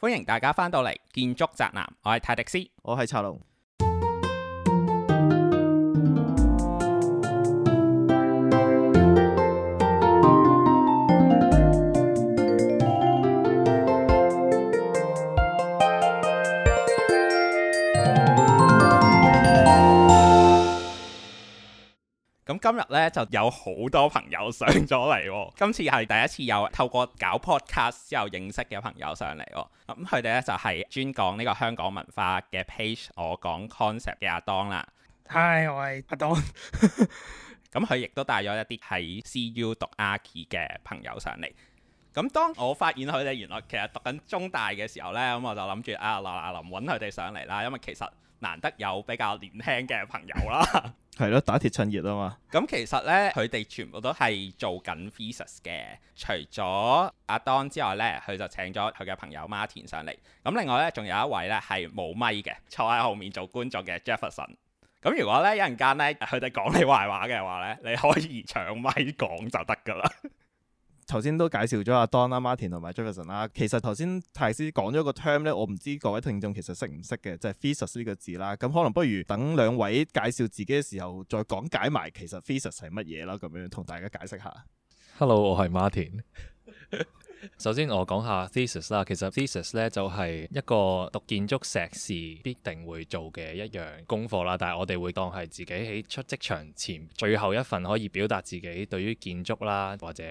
歡迎大家返到嚟《建築宅男》，我係泰迪斯，我係策龍。今日咧就有好多朋友上咗嚟、哦，今次係第一次有透過搞 podcast 之後認識嘅朋友上嚟、哦，咁佢哋咧就係專講呢個香港文化嘅 page，我港 kongcept 嘅阿 Don 啦。Hi 我係阿 Don。咁佢亦都帶咗一啲喺 CU 讀 Arch 嘅朋友上嚟。咁、嗯、當我發現佢哋原來其實讀緊中大嘅時候呢，咁、嗯、我就諗住啊，嗱嗱林揾佢哋上嚟啦，因為其實。難得有比較年輕嘅朋友啦，係咯，打鐵趁熱啊嘛。咁其實呢，佢哋全部都係做緊 Thesis 嘅，除咗阿 Don 之外呢，佢就請咗佢嘅朋友 Martin 上嚟。咁另外呢，仲有一位呢係冇咪嘅，坐喺後面做觀眾嘅 Jefferson。咁如果呢，一陣間呢，佢哋講你壞話嘅話呢，你可以搶咪講就得噶啦。頭先都介紹咗阿 Don Martin 同埋 Jefferson 啦，其實頭先泰師講咗個 term 咧，我唔知各位聽眾其實識唔識嘅，就係 thesis 呢個字啦。咁可能不如等兩位介紹自己嘅時候，再講解埋其實 thesis 係乜嘢啦，咁樣同大家解釋下。Hello，我係 Martin。 首先我講下 thesis 啦，其實 thesis 呢，就係一個讀建築碩士必定會做嘅一樣功課啦，但係我哋會當係自己喺出職場前最後一份可以表達自己對於建築啦，或者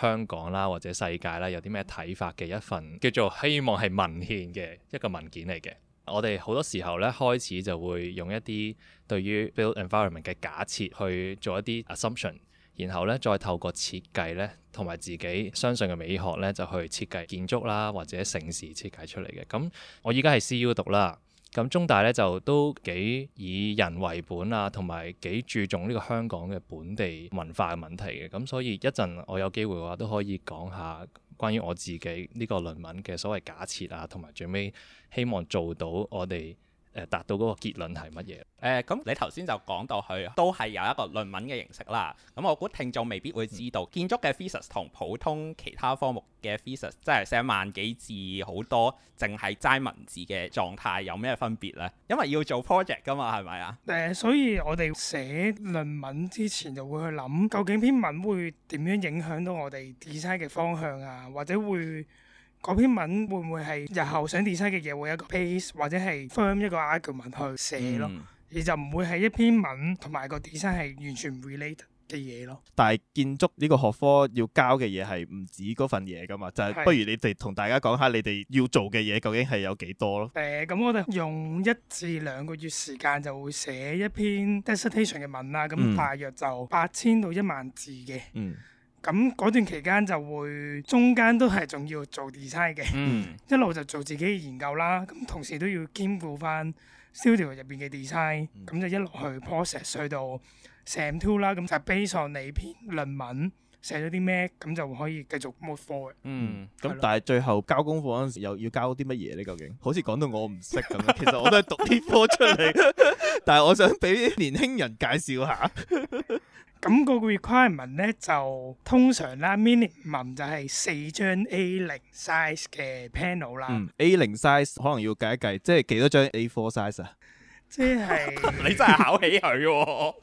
香港啦，或者世界啦，有啲咩睇法嘅一份，叫做希望係文獻嘅一個文件嚟嘅。我哋好多時候呢，開始就會用一啲對於 build environment 嘅假設去做一啲 assumption。然後咧，再透過設計咧，同埋自己相信嘅美學咧，就去設計建築啦，或者城市設計出嚟嘅。咁我依家係 CU 讀啦，咁中大咧就都幾以人為本啊，同埋幾注重呢個香港嘅本地文化嘅問題嘅。咁所以一陣我有機會嘅話，都可以講下關於我自己呢個論文嘅所謂假設啊，同埋最尾希望做到我哋。誒達到嗰個結論係乜嘢？誒咁、呃、你頭先就講到佢都係有一個論文嘅形式啦。咁我估聽眾未必會知道、嗯、建築嘅 thesis 同普通其他科目嘅 thesis 即係寫萬幾字好多，淨係齋文字嘅狀態有咩分別呢？因為要做 project 㗎嘛，係咪啊？誒、呃，所以我哋寫論文之前就會去諗，究竟篇文會點樣影響到我哋 design 嘅方向啊，或者會？嗰篇文會唔會係日後想 design 嘅嘢會有一個 base 或者係 firm 一個 argument 去寫咯，嗯、而就唔會係一篇文同埋個 design 係完全唔 related 嘅嘢咯。但係建築呢個學科要交嘅嘢係唔止嗰份嘢噶嘛，就係、是、不如你哋同大家講下你哋要做嘅嘢究竟係有幾多咯？誒，咁、呃、我哋用一至兩個月時間就會寫一篇 dis、嗯、sertation 嘅文啦，咁大約就八千到一萬字嘅。嗯。咁嗰段期間就會中間都係仲要做 design 嘅，嗯、一路就做自己嘅研究啦。咁同時都要兼顧翻 studio 入邊嘅 design，咁就一路去 process 去到成 a m p 啦、嗯。咁就 base 上你篇論文寫咗啲咩，咁就可以繼續 move forward。嗯，咁了但係最後交功課嗰陣時又要交啲乜嘢呢？究竟好似講到我唔識咁樣， 其實我都係讀啲科出嚟， 但係我想俾年輕人介紹下。咁個 requirement 咧就通常啦，minimum 就係四張 A 零 size 嘅 panel 啦。嗯，A 零 size 可能要計一計，即係幾多張 A four size 啊是？即係 你真係考起佢喎、哦，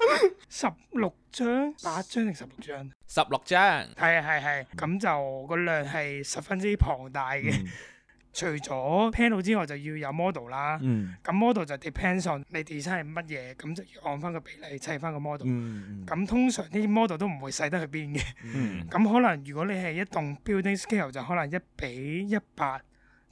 十 六張，八張定十六張？十六張係係係，咁就個量係十分之龐大嘅。嗯。除咗 panel 之外，就要有 model 啦。咁、嗯、model 就 depends on 你 design 係乜嘢，咁就要按翻個比例砌翻個 model。咁、嗯嗯、通常啲 model 都唔會細得去邊嘅。咁、嗯、可能如果你係一棟 building scale 就可能一比一百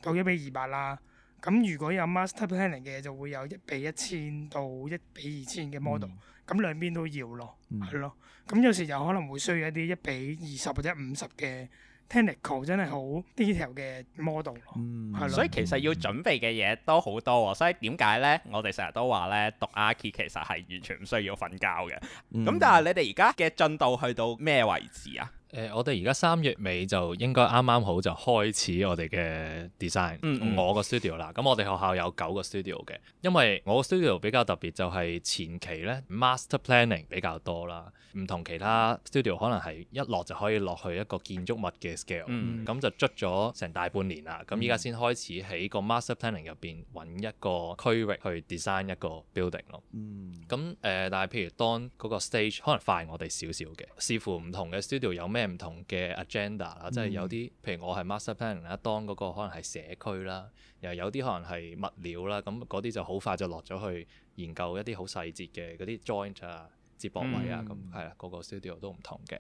到一比二百啦。咁如果有 master planning 嘅就會有一比一千到一比二千嘅 model。咁兩邊都要、嗯、咯，係咯。咁有時又可能會需要一啲一比二十或者五十嘅。Technical 真係好 detail 嘅 model，、嗯、的所以其實要準備嘅嘢都好多喎。所以點解咧？我哋成日都話咧，讀 Arch 其實係完全唔需要瞓覺嘅。咁、嗯嗯、但係你哋而家嘅進度去到咩位置啊？誒、呃，我哋而家三月尾就應該啱啱好就開始我哋嘅 design，、嗯嗯、我個 studio 啦。咁我哋學校有九個 studio 嘅，因為我個 studio 比較特別就係前期咧 master planning 比較多啦，唔同其他 studio 可能係一落就可以落去一個建築物嘅 scale，咁、嗯嗯、就卒咗成大半年啦。咁依家先開始喺個 master planning 入邊揾一個區域去 design 一個 building 咯。咁誒、嗯呃、但係譬如當嗰個 stage 可能快我哋少少嘅，視乎唔同嘅 studio 有咩唔同嘅 agenda 啦，即係有啲，譬如我係 master planning 啦，阿當嗰個可能係社區啦，又有啲可能係物料啦，咁嗰啲就好快就落咗去研究一啲好細節嘅嗰啲 joint 啊、接駁位啊，咁係啊，嗰個 studio 都唔同嘅，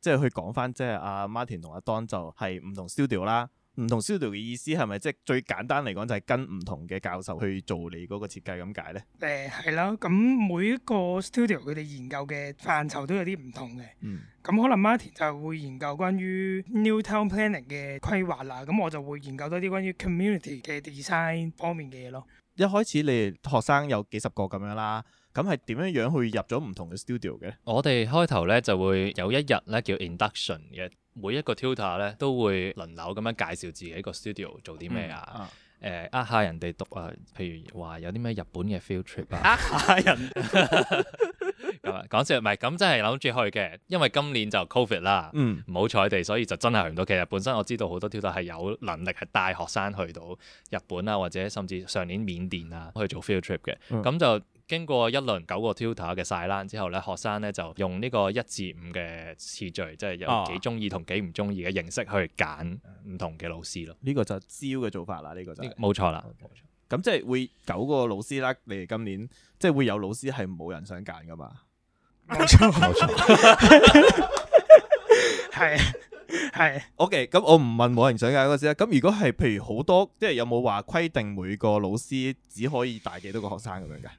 即係去講翻，即係阿 Martin 同阿當就係唔同 studio 啦。唔同 studio 嘅意思係咪即係最簡單嚟講就係跟唔同嘅教授去做你嗰個設計咁解咧？誒係啦，咁每一個 studio 佢哋研究嘅範疇都有啲唔同嘅。嗯，咁可能 Martin 就會研究關於 New Town Planning 嘅規劃啦，咁我就會研究多啲關於 community 嘅 design 方面嘅嘢咯。一開始你學生有幾十個咁樣啦。咁係點樣樣去入咗唔同嘅 studio 嘅？我哋開頭咧就會有一日咧叫 induction 嘅，每一個 tutor 咧都會輪流咁樣介紹自己個 studio 做啲咩啊，嗯、啊呃下、啊、人哋讀啊，譬如話有啲咩日本嘅 field trip 啊，呃下、啊啊、人，講笑唔係， 咁真係諗住去嘅，因為今年就 covid 啦，唔好彩地，所以就真係去唔到。其實本身我知道好多 tutor 係有能力係帶學生去到日本啊，或者甚至上年緬甸啊去做 field trip 嘅，咁就、嗯。嗯經過一輪九個 tutor 嘅篩選之後咧，學生咧就用呢個一至五嘅次序，即係有幾中意同幾唔中意嘅形式去揀唔同嘅老師咯。呢個就招嘅做法啦。呢個就冇錯啦。咁即係會九個老師啦。你哋今年即係會有老師係冇人想揀噶嘛？冇錯冇錯。係係。O K，咁我唔問冇人想揀嗰啲啦。咁如果係譬如好多，即係有冇話規定每個老師只可以帶幾多個學生咁樣噶？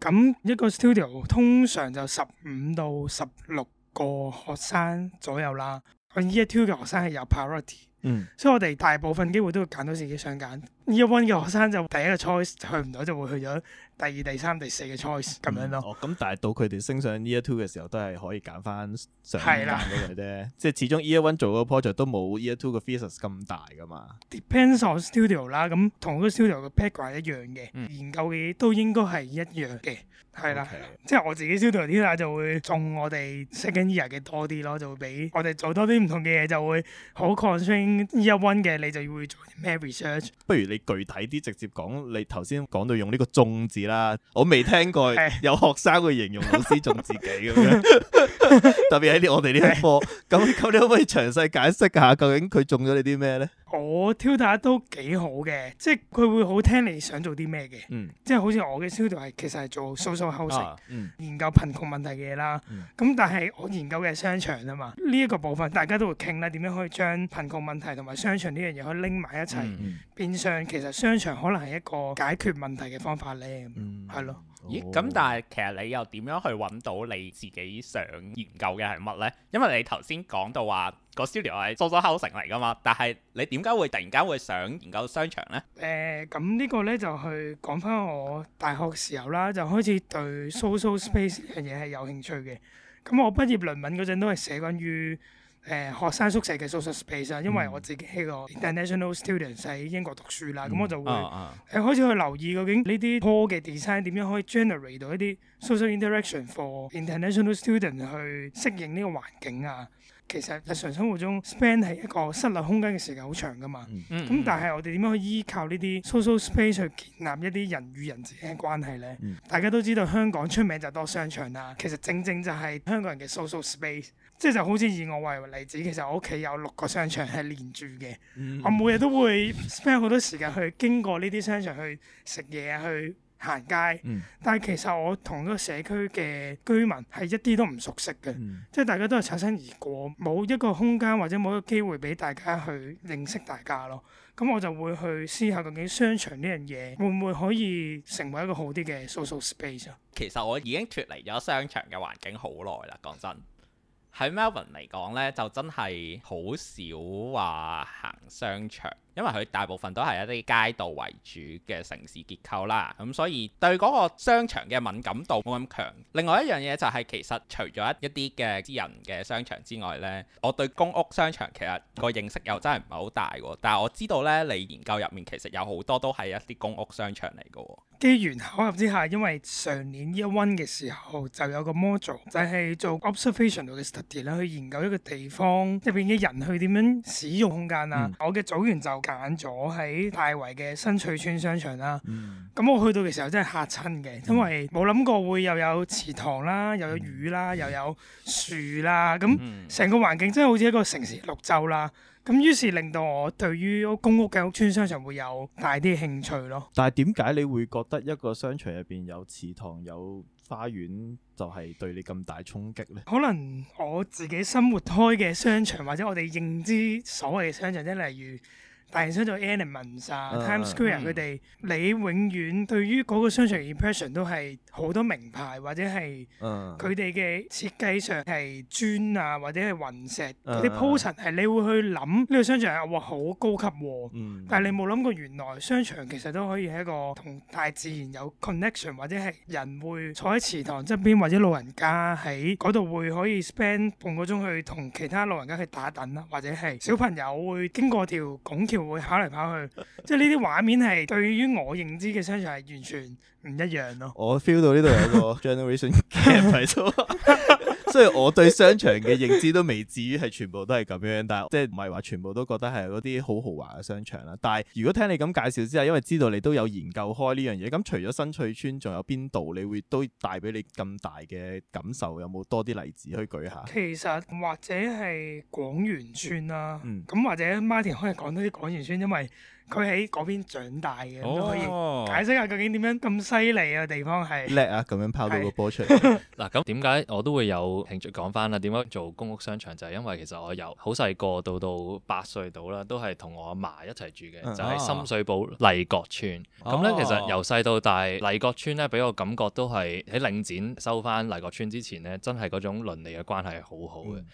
咁一個 studio 通常就十五到十六個學生左右啦。我以前嘅學生係有 priority。嗯，所以我哋大部分機會都會揀到自己想揀。Year one 嘅學生就第一個 choice 去唔到，就會去咗第二、第三、第四個 choice 咁樣咯。哦，咁但係到佢哋升上 Year two 嘅時候，都係可以揀翻想揀嗰個啫。即係的 始終 Year one 做個 project 都冇 Year two 嘅 thesis 咁大噶嘛。Depends on studio 啦，咁同個 studio 嘅 package 一樣嘅，嗯、研究嘅嘢都應該係一樣嘅，係啦。係。Okay. 即係我自己 studio 啲啦，就會中我哋 second year 嘅多啲咯，就會俾我哋做多啲唔同嘅嘢，就會好 constrain。一 one 嘅你就會做啲咩 research？不如你具體啲直接講，你頭先講到用呢、這個種字啦，我未聽過有學生會形容老師種自己咁樣， 特別喺啲我哋呢啲科。咁咁 你可唔可以詳細解釋下究竟佢種咗你啲咩咧？我 tutor 都幾好嘅，即係佢會好聽你想做啲咩嘅，嗯、即係好似我嘅 studio 係其實係做 social housing、啊，嗯、研究貧窮問題嘅嘢啦。咁、嗯、但係我研究嘅商場啊嘛，呢、這、一個部分大家都會傾啦，點樣可以將貧窮問題。同埋商場呢樣嘢可以拎埋一齊，嗯、變相其實商場可能係一個解決問題嘅方法咧，係、嗯、咯。咦、哦？咁、嗯、但係其實你又點樣去揾到你自己想研究嘅係乜呢？因為你頭先講到話個 studio 係 social housing 嚟㗎嘛，但係你點解會突然間會想研究商場呢？誒、呃，咁呢個呢，就去講翻我大學時候啦，就開始對 social space 呢樣嘢係有興趣嘅。咁、嗯、我畢業論文嗰陣都係寫關於。誒、呃、學生宿舍嘅 social space 啊，因為我自己係個 international student 喺英國讀書啦，咁、嗯、我就會、嗯、開始去留意究竟呢啲 poor 嘅 design 點樣可以 generate 到一啲 social interaction for international student 去適應呢個環境啊。其實日常生活中 span 係一個室內空間嘅時間好長噶嘛。咁、嗯、但係我哋點樣可以依靠呢啲 social space 去建立一啲人與人之間嘅關係咧？嗯、大家都知道香港出名就多商場啦、啊，其實正正就係香港人嘅 social space。即係就好似以我為例子，其實我屋企有六個商場係連住嘅，嗯、我每日都會 spend 好多時間去經過呢啲商場去食嘢、去行街。嗯、但係其實我同嗰個社區嘅居民係一啲都唔熟悉嘅，嗯、即係大家都係擦身而過，冇一個空間或者冇一個機會俾大家去認識大家咯。咁我就會去思考究竟商場呢樣嘢會唔會可以成為一個好啲嘅 social space？其實我已經脫離咗商場嘅環境好耐啦，講真。喺 Melbourne 嚟講呢，就真係好少話行商場。因為佢大部分都係一啲街道為主嘅城市結構啦，咁所以對嗰個商場嘅敏感度冇咁強。另外一樣嘢就係其實除咗一啲嘅私人嘅商場之外呢，我對公屋商場其實個認識又真係唔係好大喎、哦。但係我知道呢，你研究入面其實有好多都係一啲公屋商場嚟嘅、哦。機緣巧合之下，因為上年 year one 嘅時候就有個 model 就係、是、做 observational 嘅 study 去研究一個地方入邊嘅人去點樣使用空間啊。嗯、我嘅組員就揀咗喺大圍嘅新翠邨商場啦，咁、嗯、我去到嘅時候真係嚇親嘅，嗯、因為冇諗過會又有池塘啦，嗯、又有魚啦，嗯、又有樹啦，咁成個環境真係好似一個城市綠洲啦，咁於是令到我對於公屋嘅屋邨商場會有大啲興趣咯。但係點解你會覺得一個商場入邊有池塘、有花園就係對你咁大衝擊呢？可能我自己生活開嘅商場或者我哋認知所謂嘅商場，即例如，大型商場 Elements 啊、Times Square 佢哋，嗯、你永遠對於個商場 impression 都係好多名牌或者係佢哋嘅設計上係磚啊或者係雲石嗰啲鋪陳係你會去諗，呢個商場係，哇，好高級喎，嗯、但係你冇諗過原來商場其實都可以係一個同大自然有 connection 或者係人會坐喺池塘側邊，或者老人家喺度會可以 spend 半個鐘去同其他老人家去打等啦，或者係小朋友會經過條拱橋。會跑嚟跑去，即係呢啲畫面係對於我認知嘅商場係完全唔一樣咯。 我 feel 到呢度有個 generation gap 喺度。即係 我對商場嘅認知都未至於係全部都係咁樣，但係即係唔係話全部都覺得係嗰啲好豪華嘅商場啦。但係如果聽你咁介紹之後，因為知道你都有研究開呢樣嘢，咁除咗新翠邨，仲有邊度你會都帶俾你咁大嘅感受？有冇多啲例子可以舉下？其實或者係廣源邨啦，咁、嗯、或者 Martin 可以講多啲廣源邨，因為，佢喺嗰邊長大嘅，哦、以可以解釋下究竟點樣咁犀利嘅地方係叻啊！咁樣拋到個波出嚟。嗱咁點解我都會有興趣講翻啦？點解做公屋商場就係、是、因為其實我由好細個到到八歲到啦，都係同我阿嫲一齊住嘅，就喺、是、深水埗麗閣村。咁咧、啊、其實由細到大，麗閣村咧俾我感覺都係喺領展收翻麗閣村之前咧，真係嗰種鄰里嘅關係係好好嘅。嗯、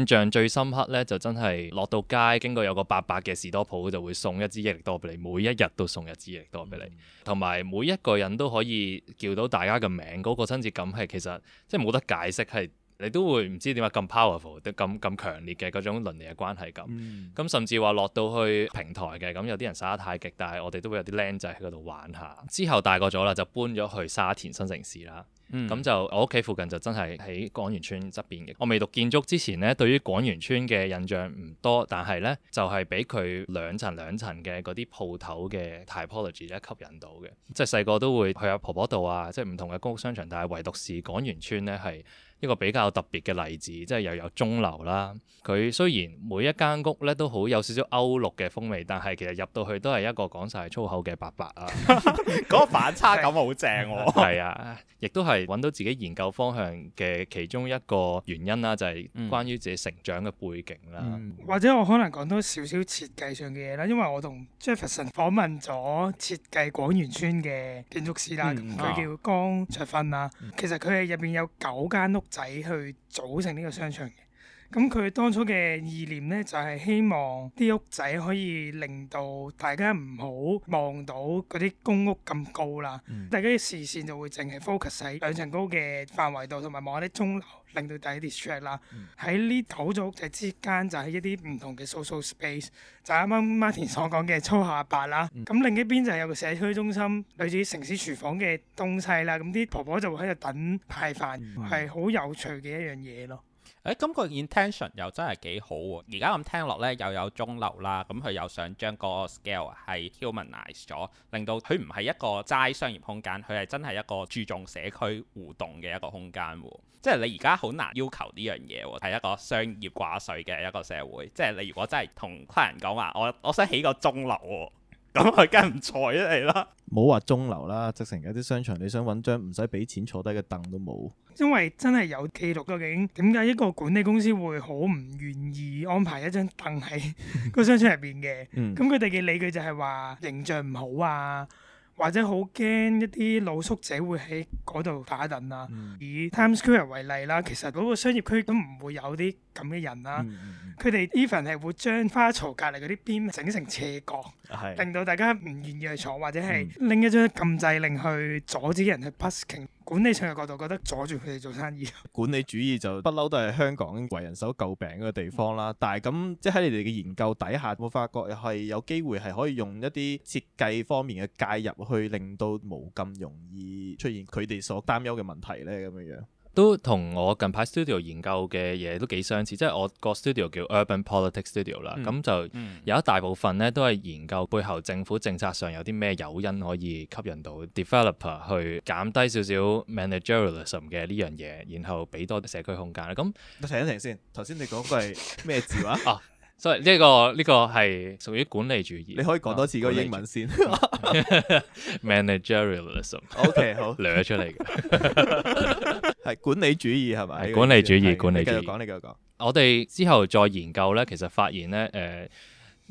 印象最深刻咧就真係落到街，經過有個八百嘅士多鋪就會送一支。益力多俾你，每一日都送一支益力多俾你，同埋、嗯、每一個人都可以叫到大家嘅名，嗰、嗰個親切感係其實即係冇得解釋，係你都會唔知點解咁 powerful，咁咁強烈嘅嗰種倫理嘅關係咁。咁、嗯、甚至話落到去平台嘅，咁有啲人耍得太極，但係我哋都會有啲僆仔喺嗰度玩下。之後大個咗啦，就搬咗去沙田新城市啦。咁、嗯、就我屋企附近就真係喺廣源邨側邊嘅。我未讀建築之前咧，對於廣源邨嘅印象唔多，但係咧就係俾佢兩層兩層嘅嗰啲鋪頭嘅 typology 咧吸引到嘅。即係細個都會去阿婆婆度啊，即係唔同嘅公屋商場，但係唯獨是廣源邨咧係。一個比較特別嘅例子，即係又有鐘樓啦。佢雖然每一間屋咧都好有少少歐陸嘅風味，但係其實入到去都係一個講晒粗口嘅伯伯啊。嗰 個反差感好正喎。係啊，亦都係揾到自己研究方向嘅其中一個原因啦，就係、是、關於自己成長嘅背景啦。嗯、或者我可能講多少少設計上嘅嘢啦，因為我同 Jefferson 訪問咗設計廣源邨嘅建築師啦，佢、嗯、叫江卓芬啦。嗯、其實佢係入邊有九間屋仔去組成呢個商場嘅。咁佢當初嘅意念咧，就係、是、希望啲屋仔可以令到大家唔好望到嗰啲公屋咁高啦，嗯、大家視線就會淨係 focus 喺兩層高嘅範圍度，同埋望啲鐘樓，令到大家 distract 啦。喺呢、嗯、九座屋仔之間，就係一啲唔同嘅 social space，就啱啱 Martin 所講嘅粗下巴啦。咁、嗯、另一邊就係有個社區中心，類似城市廚房嘅東西啦。咁啲婆婆就會喺度等派飯，係好、嗯、有趣嘅一樣嘢咯。誒，咁、哎那個 intention 又真係幾好喎、啊！而家咁聽落咧，又有鐘樓啦，咁、嗯、佢又想將個 scale 係 humanize 咗，令到佢唔係一個齋商業空間，佢係真係一個注重社區互動嘅一個空間喎、啊。即係你而家好難要求呢樣嘢喎、啊，係一個商業掛帥嘅一個社會。即係你如果真係同客人講話，我我想起個鐘樓喎、啊。咁佢梗唔坐啦，嚟啦 ，冇話中樓啦，直成而家啲商場，你想揾張唔使俾錢坐低嘅凳都冇，因為真係有記錄究竟點解一個管理公司會好唔願意安排一張凳喺個商場入邊嘅？咁佢哋嘅理據就係話形象唔好啊。或者好驚一啲露宿者會喺嗰度打躉啊！嗯、以 Times Square 為例啦，其實嗰個商業區都唔會有啲咁嘅人啦，啊。佢哋 even 係會將花槽隔離嗰啲邊整成斜角，啊、令到大家唔願意去坐，或者係拎一張禁制令去阻止人去 busking 管理上嘅角度，覺得阻住佢哋做生意。 管理主義就不嬲都係香港為人所詬病嘅地方啦。嗯、但係咁，即係喺你哋嘅研究底下，我有發覺又係有機會係可以用一啲設計方面嘅介入，去令到冇咁容易出現佢哋所擔憂嘅問題咧咁樣。都同我近排 studio 研究嘅嘢都幾相似，即係我個 studio 叫 Urban Politics Studio 啦、嗯，咁就有一大部分咧、嗯、都係研究背後政府政策上有啲咩誘因可以吸引到 developer 去減低少少 managerialism 嘅呢樣嘢，然後俾多啲社區空間啦。咁，你停一停先，頭先你講句咩字啊？ Sorry，呢個呢、呢個係屬於管理主義。你可以講多次嗰個英文先，managerialism。OK，好，掠咗出嚟嘅，係管理主義係咪？係 管，管理主義，管理主義。繼續講，你繼續講。續我哋之後再研究咧，其實發現咧，誒、呃。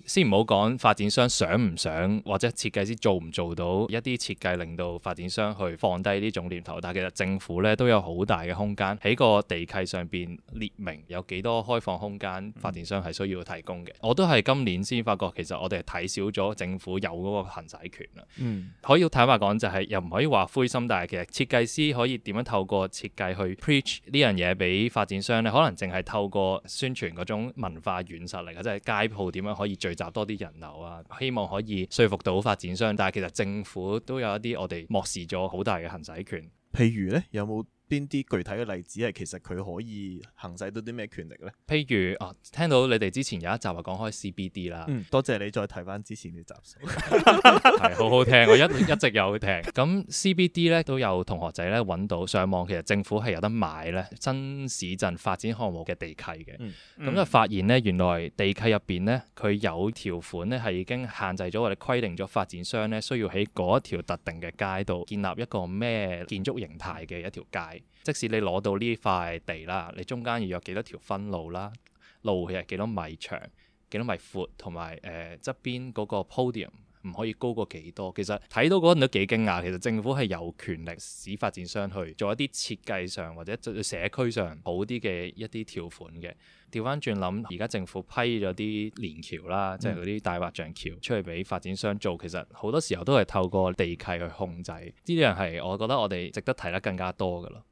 先唔好講發展商想唔想或者設計師做唔做到一啲設計令到發展商去放低呢種念頭，但係其實政府咧都有好大嘅空間喺個地契上邊列明有幾多開放空間，發展商係需要提供嘅。嗯、我都係今年先發覺，其實我哋係睇少咗政府有嗰個行使權啦。嗯、可以坦白講就係又唔可以話灰心，但係其實設計師可以點樣透過設計去 preach 呢樣嘢俾發展商咧？可能淨係透過宣傳嗰種文化軟實力嘅，即係街鋪點樣可以，聚集多啲人流啊，希望可以說服到發展商，但係其實政府都有一啲我哋漠視咗好大嘅行使權，譬如咧有冇？邊啲具體嘅例子係其實佢可以行使到啲咩權力咧？譬如啊，聽到你哋之前有一集話講開 CBD 啦，多謝你再提翻之前呢集數， 好好聽，我一直 一直有聽。咁 CBD 咧都有同學仔咧揾到上網，其實政府係有得買咧新市鎮發展項目嘅地契嘅，咁、嗯嗯、就發現咧原來地契入邊咧佢有條款咧係已經限制咗或者規定咗發展商咧需要喺嗰一條特定嘅街度建立一個咩建築形態嘅一條街。嗯。即使你攞到呢塊地啦，你中間要有幾多條分路啦，路係幾多米長、幾多米闊，同埋誒側邊嗰個 podium 唔可以高過幾多，其實睇到嗰陣都幾驚訝。其實政府係有權力使發展商去做一啲設計上或者社區上好啲嘅一啲條款嘅。調翻轉諗，而家政府批咗啲連橋啦，即係嗰啲大白象橋出去俾發展商做，其實好多時候都係透過地契去控制。呢樣係我覺得我哋值得提得更加多嘅咯。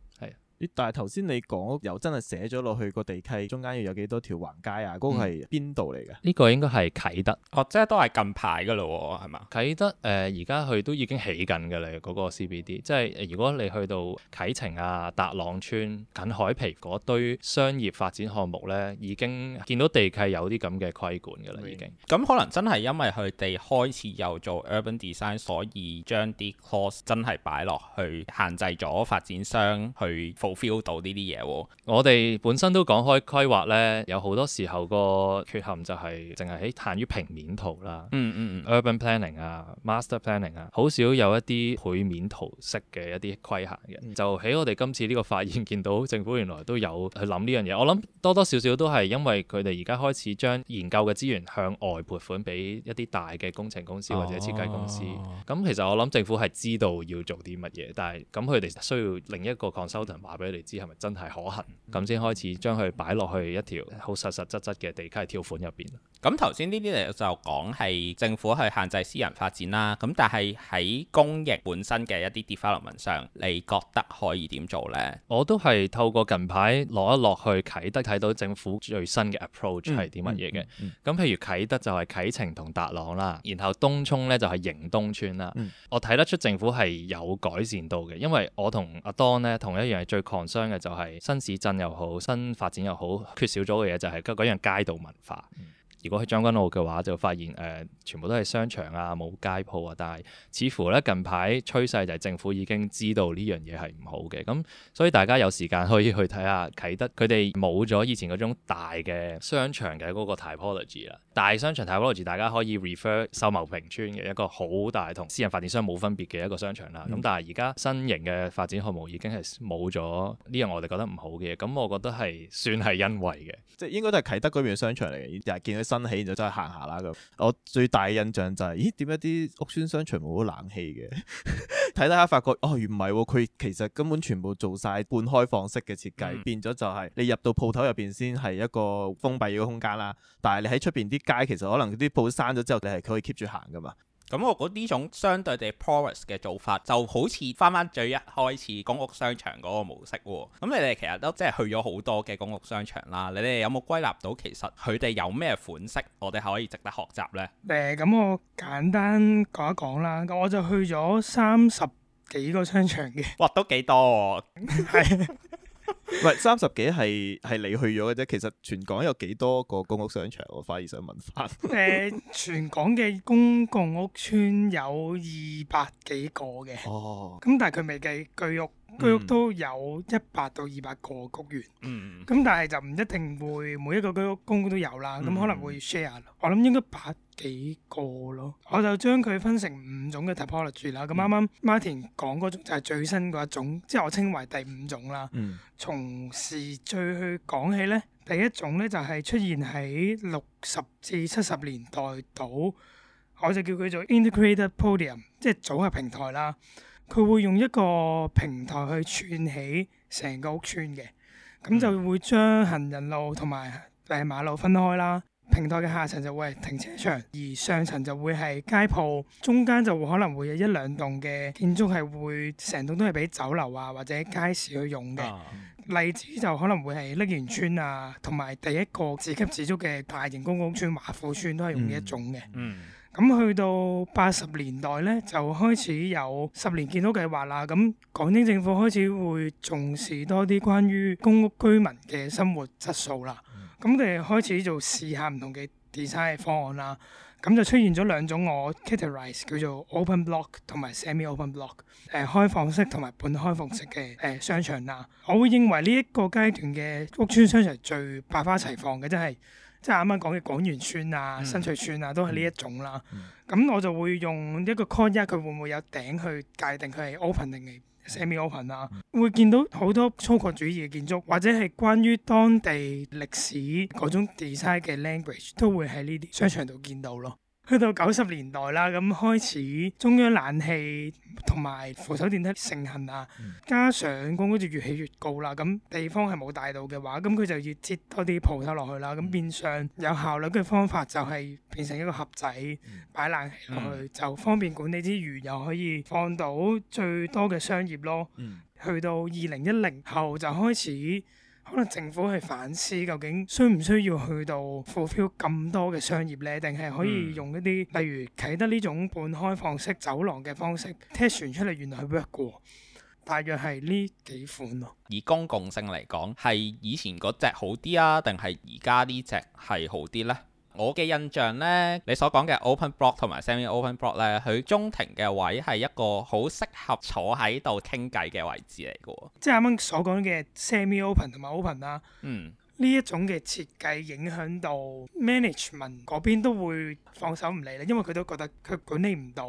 但係頭先你講又真係寫咗落去個地契，中間要有幾多條橫街啊？嗰、那個係邊度嚟嘅？呢、嗯這個應該係啟德哦，即係都係近排嘅咯，係嘛？啟德誒而家佢都已經起緊嘅啦，嗰、那個 CBD。即係如果你去到啟晴啊、德朗邨、近海皮嗰堆商業發展項目咧，已經見到地契有啲咁嘅規管嘅啦，已經。咁、嗯、可能真係因為佢哋開始又做 urban design，所以將啲 clause 真係擺落去限制咗發展商去。feel 到呢啲嘢，我哋本身都講開規劃呢，有好多時候個缺陷就係淨係喺限於平面圖啦。嗯嗯、urban planning 啊，master planning 啊，好少有一啲剖面圖式嘅一啲規限。嘅、嗯。就喺我哋今次呢個發現，見到政府原來都有去諗呢樣嘢。我諗多多少少都係因為佢哋而家開始將研究嘅資源向外撥款俾一啲大嘅工程公司或者設計公司。咁、啊、其實我諗政府係知道要做啲乜嘢，但係咁佢哋需要另一個 consultant 把。俾你知係咪真係可行，咁先、嗯、開始將佢擺落去一條好實實質質嘅地契條款入邊。咁頭先呢啲就講係政府去限制私人發展啦。咁但係喺公營本身嘅一啲 development 上，你覺得可以點做咧？我都係透過近排落一落去啟德睇到政府最新嘅 approach 係啲乜、嗯、嘢嘅。咁、嗯嗯、譬如啟德就係啟晴同達朗啦，然後東涌咧就係迎東邨啦。嗯、我睇得出政府係有改善到嘅，因為我同阿 Don 咧同一樣。係最。擴商嘅就係新市鎮又好，新發展又好，缺少咗嘅嘢就係嗰樣街道文化。嗯、如果去將軍澳嘅話，就發現誒、呃、全部都係商場啊，冇街鋪啊。但係似乎咧近排趨勢就係政府已經知道呢樣嘢係唔好嘅，咁所以大家有時間可以去睇下啟德，佢哋冇咗以前嗰種大嘅商場嘅嗰個 typology 啦。大商場睇落住大家可以 refer 秀茂坪村嘅一個好大同私人發展商冇分別嘅一個商場啦。咁、嗯、但係而家新型嘅發展項目已經係冇咗呢樣，這個、我哋覺得唔好嘅嘢。咁我覺得係算係因為嘅，即係應該都係啟德嗰邊嘅商場嚟嘅。又見到新起就真係行下啦。咁我最大印象就係、是、咦點解啲屋邨商場冇冷氣嘅？睇睇下發覺哦，原唔係佢其實根本全部做晒半開放式嘅設計，嗯、變咗就係、是、你入到鋪頭入邊先係一個封閉嘅空間啦。但係你喺出邊啲街其實可能啲鋪閂咗之後，你係佢可以 keep 住行噶嘛？咁、嗯、我覺得呢種相對地 porous 嘅做法，就好似翻翻最一開始公屋商場嗰個模式喎。咁、嗯、你哋其實都即係去咗好多嘅公屋商場啦。你哋有冇歸納到其實佢哋有咩款式，我哋係可以值得學習呢？誒、嗯，咁我簡單講一講啦。咁我就去咗三十幾個商場嘅。哇，都幾多喎、啊？ 唔係 三十幾係係你去咗嘅啫，其實全港有幾多個公屋商場？我反而想問翻，誒，全港嘅公共屋邨有二百幾個嘅，哦，咁但係佢未計居屋。居屋都有一百到二百個屋苑，咁、嗯、但係就唔一定會每一個居屋公屋都有啦，咁、嗯、可能會 share。嗯、我諗應該百幾個咯。我就將佢分成五種嘅 typology 啦。咁啱啱 Martin 講嗰種就係最新嗰一種，即係我稱為第五種啦。從、嗯、時序去講起呢，第一種呢就係出現喺六十至七十年代到，我就叫佢做 integrated podium，即係組合平台啦。佢會用一個平台去串起成個屋村嘅，咁就會將行人路同埋誒馬路分開啦。平台嘅下層就會係停車場，而上層就會係街鋪，中間就會可能會有一兩棟嘅建築係會成棟都係俾酒樓啊或者街市去用嘅。啊、例子就可能會係瀝源村啊，同埋第一個自給自足嘅大型公共屋村華富村都係用呢一種嘅、嗯。嗯。咁去到八十年代咧，就開始有十年建屋計劃啦。咁港英政府開始會重視多啲關於公屋居民嘅生活質素啦。咁佢哋開始做試下唔同嘅 design 嘅方案啦。咁就出現咗兩種我 categorize 叫做 open block 同埋 semi open block，誒、呃、開放式同埋半開放式嘅誒、呃、商場啦。我會認為呢一個階段嘅屋邨商場最百花齊放嘅，真係。即係啱啱講嘅廣源邨啊、新翠邨啊，都係呢一種啦。咁 我就會用一個 c o n 一佢會唔會有頂去界定佢係 open 定係 semi open 啊？ 會見到好多粗獷主義嘅建築，或者係關於當地歷史嗰種 design 嘅 language，都會喺呢啲商場度見到咯。去到九十年代啦，咁開始中央冷氣同埋扶手電梯盛行啊，加上公屋就越起越高啦，咁地方係冇大到嘅話，咁佢就越擠多啲鋪頭落去啦。咁變相有效率嘅方法就係變成一個盒仔擺冷氣落去，就方便管理之餘又可以放到最多嘅商業咯。去到二零一零後就開始。可能政府係反思，究竟需唔需要去到付票咁多嘅商業呢？定係可以用一啲例如啟德呢種半開放式走廊嘅方式，試出嚟原來係 work 㗎，大約係呢幾款咯。以公共性嚟講，係以前嗰隻好啲啊，定係而家呢隻係好啲呢？我嘅印象呢，你所講嘅 open block 同埋 semi open block 呢，佢中庭嘅位係一個好適合坐喺度傾偈嘅位置嚟嘅喎。即係啱啱所講嘅 semi open 同埋 open 啦、啊，呢一、嗯、種嘅設計影響到 management 嗰邊都會放手唔理啦，因為佢都覺得佢管理唔到。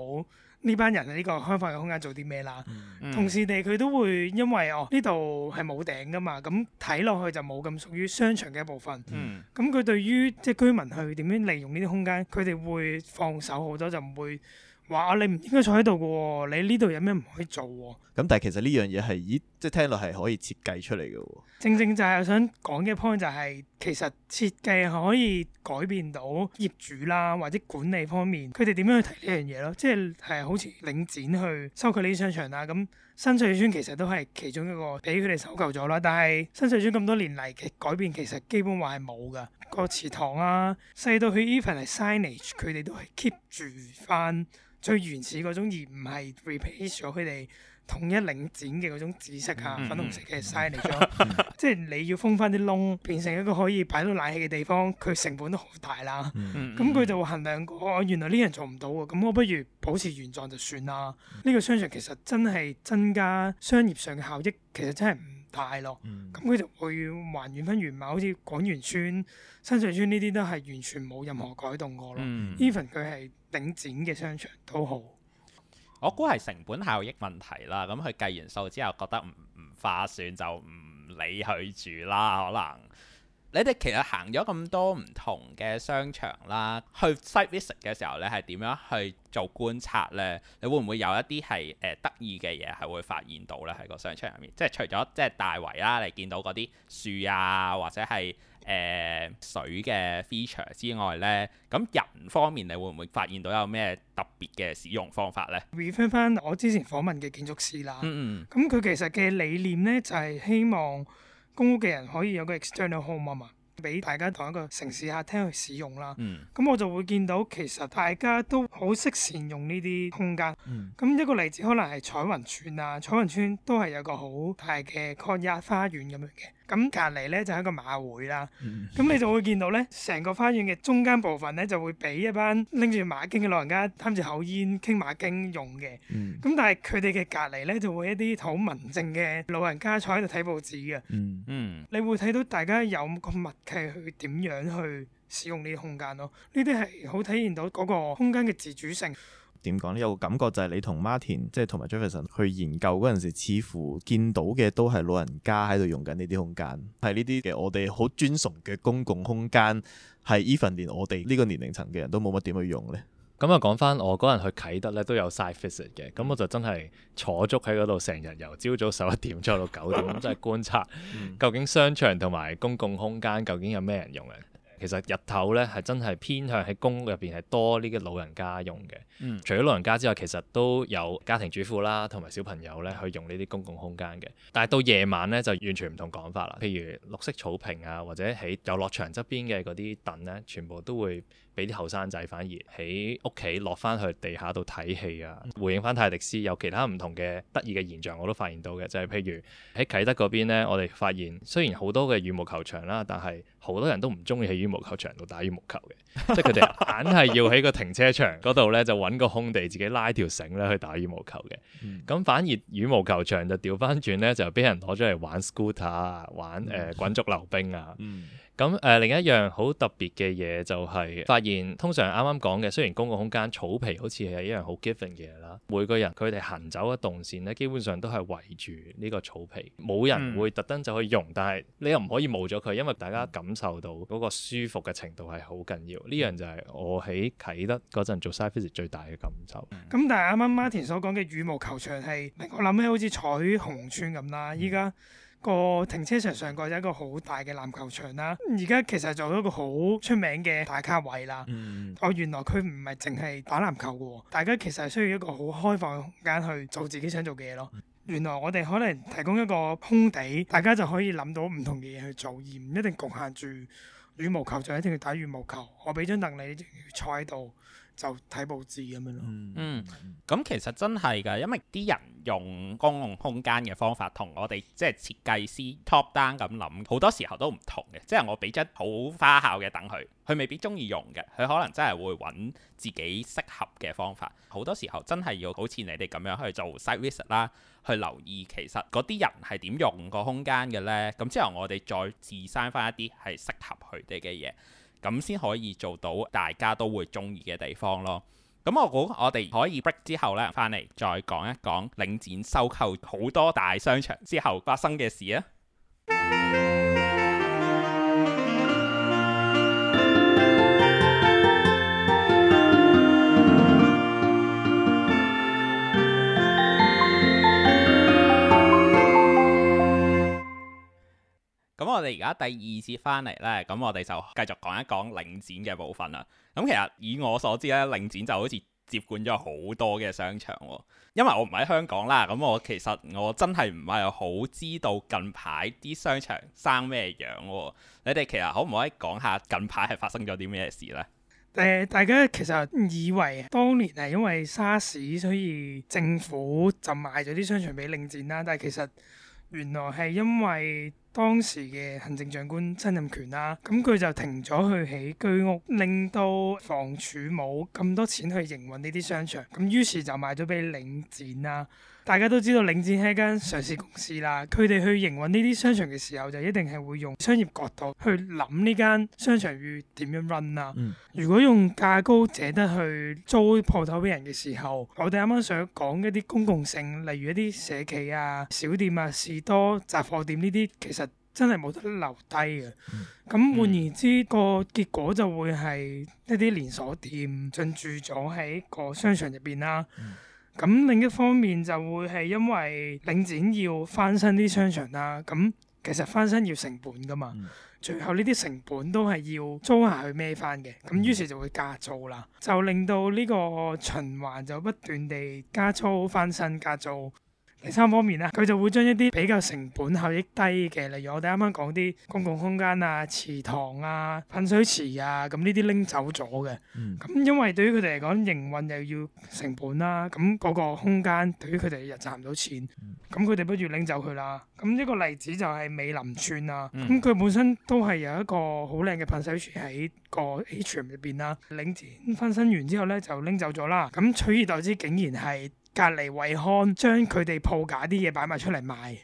呢班人喺呢個開放嘅空間做啲咩啦？Mm hmm. 同時地佢都會因為哦呢度係冇頂㗎嘛，咁睇落去就冇咁屬於商場嘅一部分。咁佢、mm hmm. 對於即係居民去點樣利用呢啲空間，佢哋會放手好多，就唔會，話你唔應該坐喺度嘅喎，你呢度有咩唔可以做喎？咁但係其實呢樣嘢係咦，即係聽落係可以設計出嚟嘅喎。正正就係我想講嘅 point 就係、是、其實設計可以改變到業主啦，或者管理方面，佢哋點樣去睇呢樣嘢咯？即係係好似領展去收佢哋啲商場啦。咁新翠邨其實都係其中一個俾佢哋收購咗啦。但係新翠邨咁多年嚟嘅改變其實基本話係冇嘅，個祠堂啊，細到佢 even 係 signage 佢哋都係 keep 住翻。最原始嗰種，而唔係 repaint 咗佢哋統一領展嘅嗰種紫色啊、嗯、粉紅色嘅 size 嚟咗， 即係你要封翻啲窿，變成一個可以擺到冷氣嘅地方，佢成本都好大啦。咁佢、嗯、就會衡量，我、哦、原來呢樣做唔到喎，咁我不如保持原狀就算啦。呢、嗯、個商場其實真係增加商業上嘅效益，其實真係唔大咯。咁佢、嗯、就會還原翻原貌，好似廣源邨、新翠邨呢啲都係完全冇任何改動過咯。Even 佢係。整展嘅商場都好，我估係成本效益問題啦。咁佢計完數之後覺得唔唔劃算就唔理佢住啦。可能你哋其實行咗咁多唔同嘅商場啦，去 site visit 嘅時候呢，係點樣去做觀察呢？你會唔會有一啲係誒得意嘅嘢係會發現到呢？喺個商場入面，即係除咗即係大圍啦，你見到嗰啲樹啊，或者係～誒、呃、水嘅 feature 之外呢，咁人方面你會唔會發現到有咩特別嘅使用方法呢 refer 翻我之前訪問嘅建築師啦，嗯咁佢其實嘅理念呢，就係、是、希望公屋嘅人可以有個 external home 啊，俾大家同一個城市客廳去使用啦。嗯，咁我就會見到其實大家都好識善用呢啲空間。嗯，咁一個例子可能係彩雲邨啊，彩雲邨都係有個好大嘅 courtyard 花園咁樣嘅。咁隔離咧就係、是、一個馬會啦，咁、嗯、你就會見到咧，成個花園嘅中間部分咧就會俾一班拎住馬經嘅老人家嘆住口煙傾馬經用嘅，咁、嗯、但係佢哋嘅隔離咧就會一啲好文靜嘅老人家坐喺度睇報紙嘅、嗯，嗯，你會睇到大家有個默契去點樣去使用呢啲空間咯，呢啲係好體現到嗰個空間嘅自主性。點講呢？有個感覺就係你同 Martin，即係同埋 Jefferson 去研究嗰陣時，似乎見到嘅都係老人家喺度用緊呢啲空間，係呢啲嘅我哋好尊崇嘅公共空間，係 Even 連我哋呢個年齡層嘅人都冇乜點去用呢。咁啊，講翻我嗰陣去啟德咧，都有曬 site visit 嘅，咁我就真係坐足喺嗰度成日，由朝早十一點坐到九點，咁真係觀察究竟商場同埋公共空間究竟有咩人用嘅。其實日頭咧係真係偏向喺公屋入邊係多呢啲老人家用嘅，嗯、除咗老人家之外，其實都有家庭主婦啦同埋小朋友咧去用呢啲公共空間嘅。但係到夜晚咧就完全唔同講法啦。譬如綠色草坪啊，或者喺遊樂場側邊嘅嗰啲凳咧，全部都會。俾啲後生仔反而喺屋企落翻去地下度睇戲啊！回應翻泰迪斯有其他唔同嘅得意嘅現象，我都發現到嘅就係、是、譬如喺啟德嗰邊咧，我哋發現雖然好多嘅羽毛球場啦，但係好多人都唔中意喺羽毛球場度打羽毛球嘅， 即係佢哋硬係要喺個停車場嗰度呢，就揾個空地自己拉條繩咧去打羽毛球嘅。咁、嗯、反而羽毛球場就調翻轉呢，就俾人攞咗嚟玩 scooter 玩誒滾軸溜冰啊。嗯嗯。咁誒、呃、另一樣好特別嘅嘢就係發現，通常啱啱講嘅，雖然公共空間草皮好似係一樣好 given 嘅嘢啦，每個人佢哋行走嘅動線咧，基本上都係圍住呢個草皮，冇人會特登就去用，但係你又唔可以冇咗佢，因為大家感受到嗰個舒服嘅程度係好緊要。呢、這、樣、個、就係我喺啟德嗰陣做 site visit 最大嘅感受。咁、嗯、但係啱啱 Martin 所講嘅羽毛球場係，我諗起好似彩虹村咁啦，依家、嗯。個停車場上蓋咗一個好大嘅籃球場啦，而家其實做咗一個好出名嘅打卡位啦。我原來佢唔係淨係打籃球嘅喎，大家其實需要一個好開放嘅空間去做自己想做嘅嘢咯。原來我哋可能提供一個空地，大家就可以諗到唔同嘅嘢去做，而唔一定局限住羽毛球就一定要打羽毛球。我俾張凳你坐喺度，就睇報紙咁樣咯。嗯，咁其實真係嘅，因為啲人用公共空間嘅方法同我哋即係設計師 top down 咁諗，好多時候都唔同嘅。即係我俾張好花巧嘅等佢，佢未必中意用嘅。佢可能真係會揾自己適合嘅方法。好多時候真係要好似你哋咁樣去做 site visit 啦，去留意其實嗰啲人係點用個空間嘅呢。咁之後我哋再自生翻一啲係適合佢哋嘅嘢。咁先可以做到大家都會中意嘅地方咯。咁我估我哋可以 break 之後呢，翻嚟再講一講領展收購好多大商場之後發生嘅事啊！ 咁我哋而家第二節翻嚟咧，咁我哋就繼續講一講領展嘅部分啦。咁其實以我所知咧，領展就好似接管咗好多嘅商場，哦，因為我唔喺香港啦，咁我其實我真係唔係好知道近排啲商場生咩樣，哦。你哋其實可唔可以講下近排係發生咗啲咩事呢？呃，大家其實以為當年係因為沙士，所以政府就賣咗啲商場俾領展啦，但係其實原來係因為……當時嘅行政長官曾蔭權啦，咁佢就停咗去起居屋，令到房署冇咁多錢去營運呢啲商場，咁於是就賣咗俾領展啦。大家都知道領展係一間上市公司啦，佢哋去營運呢啲商場嘅時候，就一定係會用商業角度去諗呢間商場要點樣 run 啊。嗯、如果用價高者得去租鋪頭俾人嘅時候，我哋啱啱想講一啲公共性，例如一啲社企啊、小店啊、士多、雜貨店呢啲，其實，真係冇得留低嘅，咁、嗯、換言之，個結果就會係一啲連鎖店進駐咗喺個商場入邊啦。咁、嗯、另一方面就會係因為領展要翻新啲商場啦，咁、嗯、其實翻新要成本㗎嘛，嗯、最後呢啲成本都係要租客去孭翻嘅，咁、嗯、於是就會加租啦，就令到呢個循環就不斷地加租翻新加租。第三方面咧，佢就會將一啲比較成本效益低嘅，例如我哋啱啱講啲公共空間啊、池塘啊、噴水池啊，咁呢啲拎走咗嘅。咁、嗯、因為對於佢哋嚟講，營運又要成本啦、啊，咁嗰個空間對於佢哋又賺唔到錢，咁佢哋不如拎走佢啦。咁一個例子就係美林邨啊，咁佢、嗯、本身都係有一個好靚嘅噴水池喺個 H M 入邊啦，領展翻新完之後咧就拎走咗啦。咁取而代之，竟然係～隔離維康將佢哋鋪架啲嘢擺埋出嚟賣，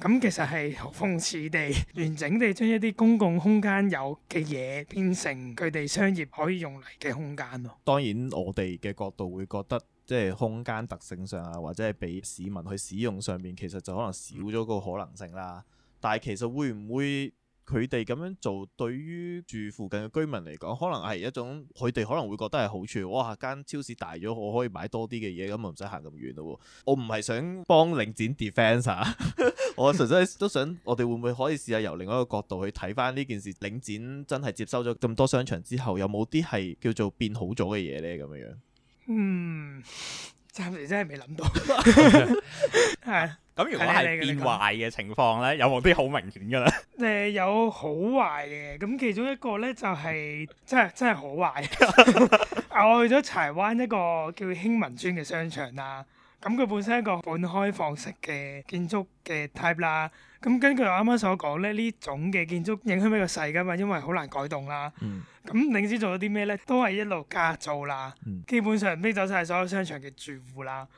咁其實係好諷刺地完整地將一啲公共空間有嘅嘢變成佢哋商業可以用嚟嘅空間咯。當然，我哋嘅角度會覺得，即係空間特性上啊，或者係俾市民去使用上面，其實就可能少咗個可能性啦。但係其實會唔會？佢哋咁樣做，對於住附近嘅居民嚟講，可能係一種佢哋可能會覺得係好處。哇，間超市大咗，我可以買多啲嘅嘢，咁唔使行咁遠咯。我唔係想幫領展 defense， 我純粹都想，我哋會唔會可以試下由另一個角度去睇翻呢件事？領展真係接收咗咁多商場之後，有冇啲係叫做變好咗嘅嘢呢？咁樣樣，嗯。暫時真係未諗到，係啊，咁如果係變壞嘅情況咧，有冇啲好明顯噶啦？誒，有好壞嘅，咁其中一個咧就係、是、 真係真係好壞。 我去咗柴灣一個叫興民邨嘅商場啦，咁佢本身一個半開放式嘅建築嘅 type 啦。咁根據我啱啱所講咧，呢種嘅建築影響比較細噶嘛，因為好難改動啦。咁、嗯、領展做咗啲咩咧？都係一路加租啦。嗯、基本上逼走晒所有商場嘅住戶啦。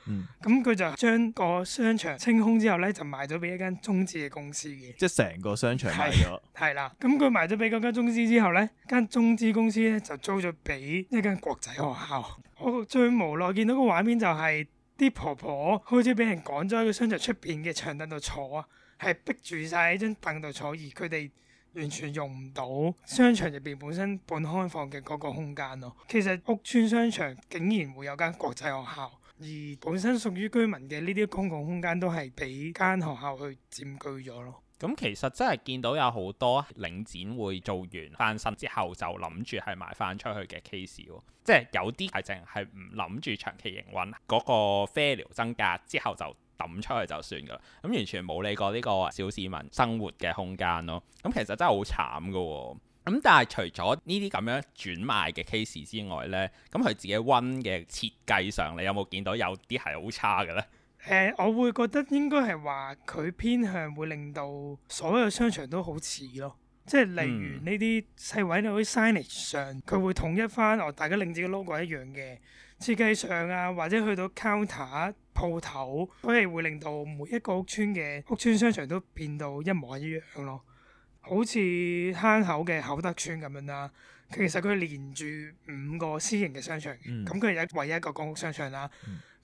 咁佢、嗯、就將個商場清空之後咧，就賣咗俾一間中資嘅公司嘅。即係成個商場賣咗。係啦。咁佢賣咗俾嗰間中資之後咧，間中資公司咧就租咗俾一間國際學校。我 最無奈見到個畫面就係、是、啲婆婆好似俾人趕咗喺個商場出邊嘅長凳度坐。係逼住晒喺張凳度坐，而佢哋完全用唔到商場入邊本身半開放嘅嗰個空間咯。其實屋邨商場竟然會有間國際學校，而本身屬於居民嘅呢啲公共空間都係俾間學校去佔據咗咯。咁其實真係見到有好多領展會做完翻新之後就諗住係賣翻出去嘅 case 喎，即係有啲係淨係唔諗住長期營運，嗰個 value 增加之後就。抌出去就算噶啦，咁完全冇理過呢個小市民生活嘅空間咯。咁其實真係好慘噶。咁但係除咗呢啲咁樣轉賣嘅 case 之外呢，咁佢自己 own 嘅設計上，你有冇見到有啲係好差嘅呢？誒、呃，我會覺得應該係話佢偏向會令到所有商場都好似咯，即係例如呢啲細位嗰啲 signage 上，佢會統一翻哦，大家領住個 logo 一樣嘅設計上啊，或者去到 counter。鋪頭，佢以會令到每一個屋村嘅屋村商場都變到一模一樣咯。好似坑口嘅厚德村咁樣啦，其實佢連住五個私營嘅商場，咁佢係一唯一一個公屋商場啦。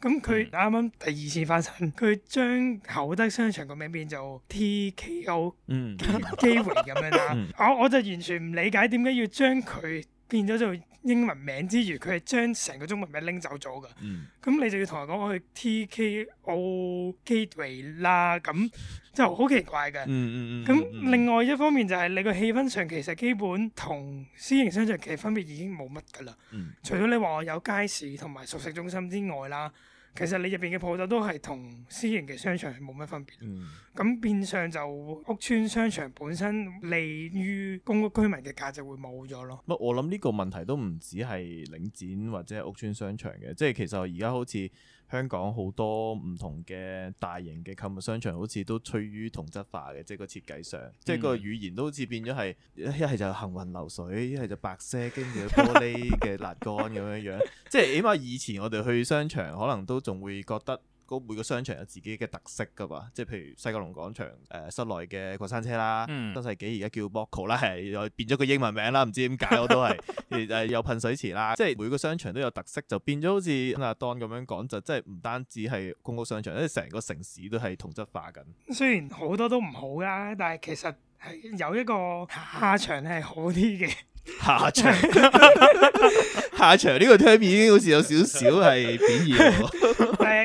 咁佢啱啱第二次翻身，佢將厚德商場個名變做 T.K.O. Gateway，咁樣啦。我、嗯啊、我就完全唔理解點解要將佢。變咗做英文名之餘，佢係將成個中文名拎走咗噶。咁、嗯、你就要同人講去 T K O Gateway 啦，咁就好奇怪嘅。咁、嗯嗯、另外一方面就係你個氣氛上，其實基本同私營商場其實分別已經冇乜噶啦。嗯、除咗你話有街市同埋熟食中心之外啦，其實你入邊嘅鋪頭都係同私營嘅商場冇乜分別。嗯咁變相就屋邨商場本身利於公屋居民嘅價值會冇咗咯。我諗呢個問題都唔止係領展或者屋邨商場嘅，即係其實而家好似香港好多唔同嘅大型嘅購物商場，好似都趨於同質化嘅，即係個設計上，嗯、即係個語言都好似變咗係一係就行雲流水，一係就白色跟住玻璃嘅欄杆咁樣樣。即係起碼以前我哋去商場，可能都仲會覺得。每個商場有自己嘅特色噶嘛，即係譬如西九龍廣場誒、呃、室內嘅過山車啦，新世紀而家叫 MOKO 啦，又變咗個英文名啦，唔知點解我都係誒 有噴水池啦，即係每個商場都有特色，就變咗好似阿當咁樣講，就即係唔單止係公共商場，即係成個城市都係同質化緊。雖然好多都唔好啦，但係其實係有一個下場係好啲嘅。下場 下場呢個 term 已經好似有少少係貶義咯。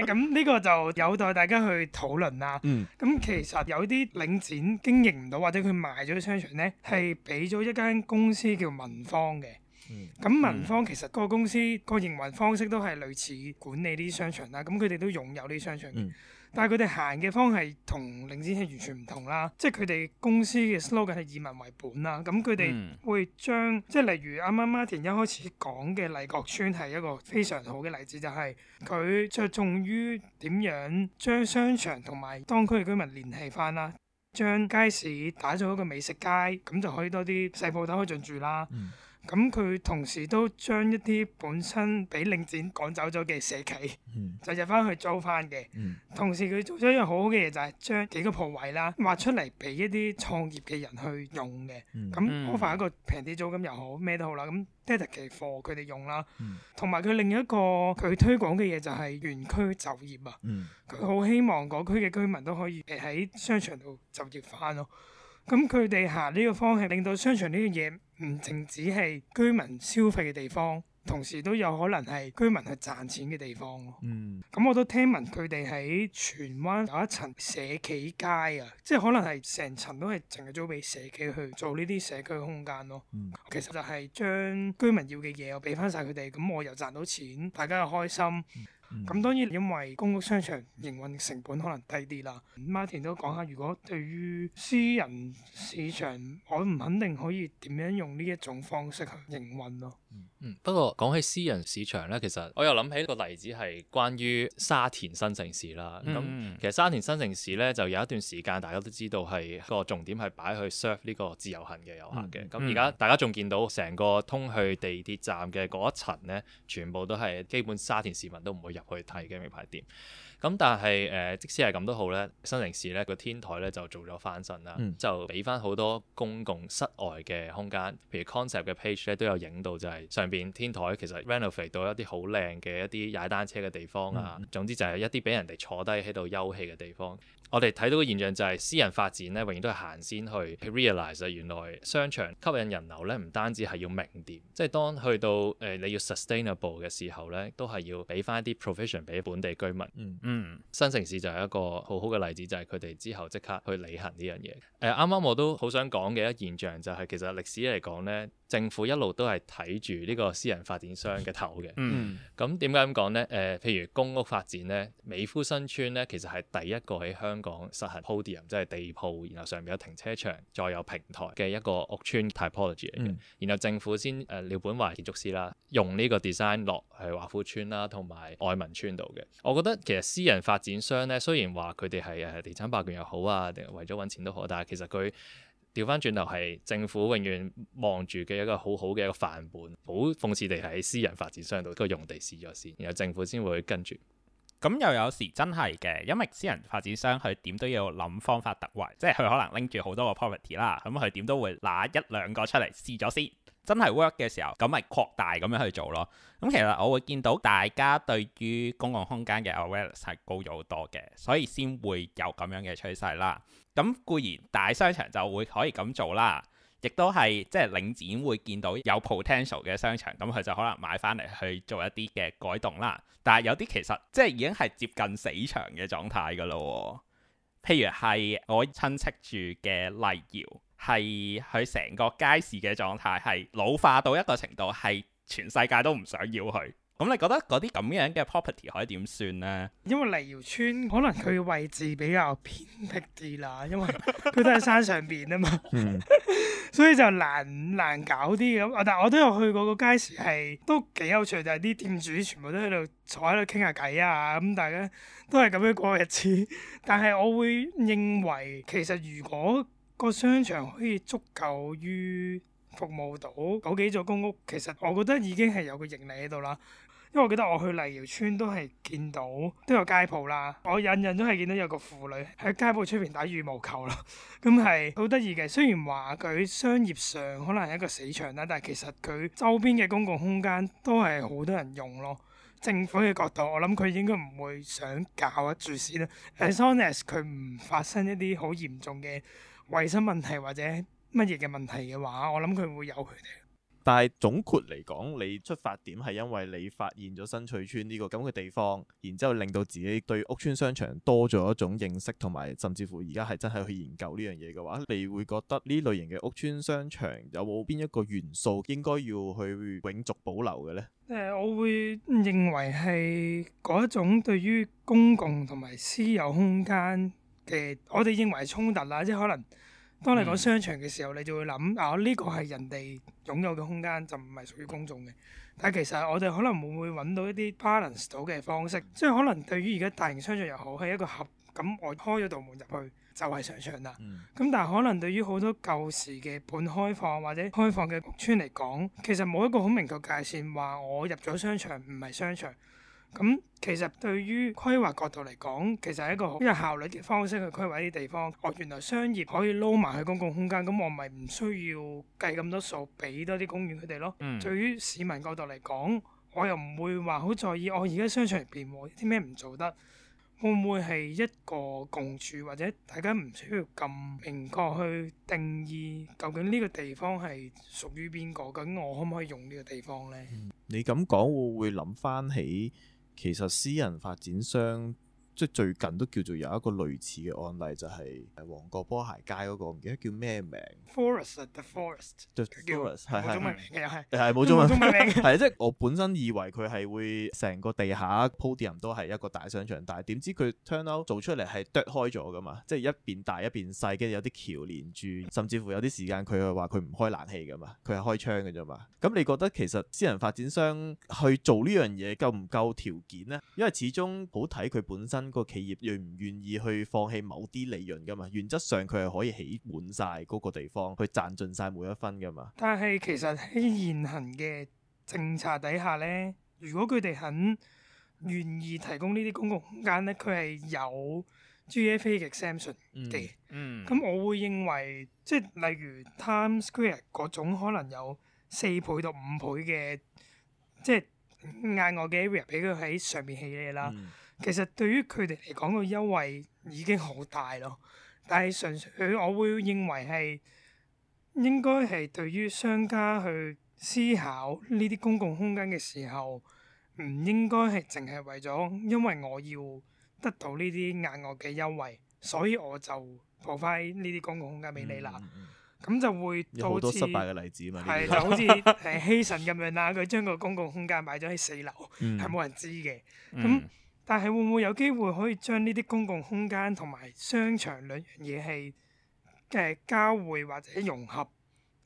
咁呢個就有待大家去討論啦。咁、嗯、其實有啲領展經營唔到或者佢賣咗啲商場呢，係俾咗一間公司叫民坊嘅。咁民、嗯、坊其實個公司個營運方式都係類似管理啲商場啦。咁佢哋都擁有啲商場。但係佢哋行嘅方式同領展係完全唔同啦，即係佢哋公司嘅 slogan 係以民為本啦，咁佢哋會將、嗯、即係例如啱啱 Martin 一開始講嘅麗閣村係一個非常好嘅例子，就係佢着重於點樣將商場同埋當區嘅居民聯繫返啦，將街市打造一個美食街，咁就可以多啲細鋪頭可以進駐啦。嗯咁佢同時都將一啲本身俾領展趕走咗嘅社企、嗯， 就入翻去租翻嘅。嗯、同時佢做咗一樣好好嘅嘢，就係將幾個鋪位啦，挖出嚟，俾一啲創業嘅人去用嘅。咁可憐一個平啲租金又好，咩都好啦。咁 dedicate 其貨佢哋用啦。同埋佢另一個佢推廣嘅嘢就係園區就業啊。佢好、嗯、希望嗰區嘅居民都可以喺商場度就業翻咯。咁佢哋行呢個方向，令到商場呢樣嘢唔淨止係居民消費嘅地方，同時都有可能係居民去賺錢嘅地方咯。咁、嗯、我都聽聞佢哋喺荃灣有一層社企街啊，即係可能係成層都係淨係租俾社企去做呢啲社區空間咯。嗯、其實就係將居民要嘅嘢我俾翻晒佢哋，咁我又賺到錢，大家又開心。嗯。咁 當然，因為公屋商場營運成本可能低啲啦。Martin 都講下，如果對於私人市場，我唔肯定可以點樣用呢一種方式去營運咯。嗯，不過講起私人市場呢，其實我又諗起一個例子係關於沙田新城市啦。咁、嗯、其實沙田新城市呢，就有一段時間大家都知道係個重點係擺去 serve 呢個自由行嘅遊客嘅。咁而家大家仲見到成個通去地鐵站嘅嗰一層呢，全部都係基本沙田市民都唔會入去睇嘅名牌店。咁、嗯、但係誒、呃，即使係咁都好咧，新城市咧個天台咧就做咗翻新啦，嗯、就俾翻好多公共室外嘅空間，譬如 concept 嘅 page 咧都有影到，就係上邊天台其實 renovate 到一啲好靚嘅一啲踩單車嘅地方啊，嗯、總之就係一啲俾人哋坐低喺度休憩嘅地方。我哋睇到嘅現象就係私人發展咧，永遠都係行先去 realize 原來商場吸引人流咧，唔單止係要名店，即係當去到誒、呃、你要 sustainable 嘅時候咧，都係要俾翻啲 provision 俾本地居民。嗯嗯，嗯新城市就係一個好好嘅例子，就係佢哋之後即刻去履行呢樣嘢。誒、呃，啱啱我都好想講嘅一現象就係、是、其實歷史嚟講咧。政府一路都係睇住呢個私人發展商嘅頭嘅。嗯。咁點解咁講呢？誒、呃，譬如公屋發展呢，美孚新村呢，其實係第一個喺香港實行 p o 即係地鋪，然後上面有停車場，再有平台嘅一個屋村 ty。typology、嗯、然後政府先誒、呃，廖本華建築師啦，用呢個 design 落去華富村啦，同埋愛民村度嘅。我覺得其實私人發展商呢，雖然話佢哋係誒地產霸權又好啊，定為咗揾錢都好，但係其實佢調翻轉頭係政府永遠望住嘅一個好好嘅一個範本，好諷刺地喺私人發展商度個用地試咗先，然後政府先會跟住。咁、嗯、又有時真係嘅，因為私人發展商佢點都要諗方法突圍，即係佢可能拎住好多個 property 啦，咁佢點都會拿一兩個出嚟試咗先。真係 work 嘅時候，咁咪擴大咁樣去做咯。咁其實我會見到大家對於公共空間嘅 awareness 係高咗好多嘅，所以先會有咁樣嘅趨勢啦。咁固然大商場就會可以咁做啦，亦都係即係領展會見到有 potential 嘅商場，咁佢就可能買翻嚟去做一啲嘅改動啦。但係有啲其實即係已經係接近死場嘅狀態噶咯。譬如係我親戚住嘅麗瑤。係佢成個街市嘅狀態係老化到一個程度，係全世界都唔想要佢。咁你覺得嗰啲咁樣嘅 property 可以點算呢？因為黎瑤村可能佢位置比較偏僻啲啦，因為佢都喺山上邊啊嘛， 所以就難難搞啲咁。但係我都有去過個街市，係都幾有趣，就係啲店主全部都喺度坐喺度傾下偈啊，咁大家都係咁樣過日子。但係我會認為，其實如果個商場可以足夠於服務到九幾座公屋，其實我覺得已經係有個盈利喺度啦。因為我記得我去麗瑤邨都係見到都有街鋪啦，我隱隱都係見到有個婦女喺街鋪出邊打羽毛球啦，咁係好得意嘅。雖然話佢商業上可能係一個死場啦，但係其實佢周邊嘅公共空間都係好多人用咯。政府嘅角度，我諗佢應該唔會想搞一住先啦。嗯、As long as 佢唔發生一啲好嚴重嘅衞生問題或者乜嘢嘅問題嘅話，我諗佢會有佢哋。但係總括嚟講，你出發點係因為你發現咗新翠邨呢個咁嘅地方，然之後令到自己對屋邨商場多咗一種認識，同埋甚至乎而家係真係去研究呢樣嘢嘅話，你會覺得呢類型嘅屋邨商場有冇邊一個元素應該要去永續保留嘅呢？誒、呃，我會認為係嗰一種對於公共同埋私有空間。嘅，我哋認為係衝突啦，即係可能當你講商場嘅時候，嗯、你就會諗啊呢個係人哋擁有嘅空間，就唔係屬於公眾嘅。但係其實我哋可能會唔會揾到一啲 balance 到嘅方式，即係可能對於而家大型商場又好，係一個盒咁，我開咗道門入去就係、是、商場啦。咁、嗯、但係可能對於好多舊時嘅半開放或者開放嘅屋邨嚟講，其實冇一個好明確界線，話我入咗商場唔係商場。咁其實對於規劃角度嚟講，其實係一個好有效率嘅方式去規劃啲地方。哦，原來商業可以撈埋去公共空間，咁我咪唔需要計咁多數俾多啲公園佢哋咯。對於市民角度嚟講，我又唔會話好在意。我而家商場入邊喎，啲咩唔做得？會唔會係一個共處或者大家唔需要咁明確去定義究竟呢個地方係屬於邊個？究竟我可唔可以用呢個地方呢？你咁講，會唔會諗翻起。其實，私人發展商。即係最近都叫做有一個類似嘅案例，就係誒旺角波鞋街嗰個，唔記得叫咩名。Forest the Forest the Forest 係，係係冇中文名，係即係我本身以為佢係會成個地下鋪 地下 都係一個大商場，但係點知佢 turn out 做出嚟係剁開咗噶嘛，即係一邊大一邊細，跟住有啲橋連住，甚至乎有啲時間佢係話佢唔開冷氣噶嘛，佢係開窗嘅啫嘛。咁你覺得其實私人發展商去做呢樣嘢夠唔夠條件咧？因為始終好睇佢本身。個企業願唔願意去放棄某啲利潤㗎嘛？原則上佢係可以起滿晒嗰個地方，去賺盡晒每一分㗎嘛。但係其實喺現行嘅政策底下咧，如果佢哋肯願意提供呢啲公共空間咧，佢係有 GFA 嘅 exemption 嘅。嗯。嗯。咁我會認為，即係例如 Times Square 嗰種可能有四倍到五倍嘅，即係嗌我嘅 area 俾佢喺上面起嘢啦。嗯。其實對於佢哋嚟講個優惠已經好大咯，但係純粹我會認為係應該係對於商家去思考呢啲公共空間嘅時候，唔應該係淨係為咗因為我要得到呢啲額外嘅優惠，所以我就放翻呢啲公共空間俾你啦。咁、嗯嗯嗯、就會有好多失敗嘅例子啊嘛，係是是就好似誒希神咁樣啦，佢將個公共空間買咗喺四樓，係冇、嗯、人知嘅咁。嗯嗯但係會唔會有機會可以將呢啲公共空間同埋商場兩樣嘢係嘅交匯或者融合，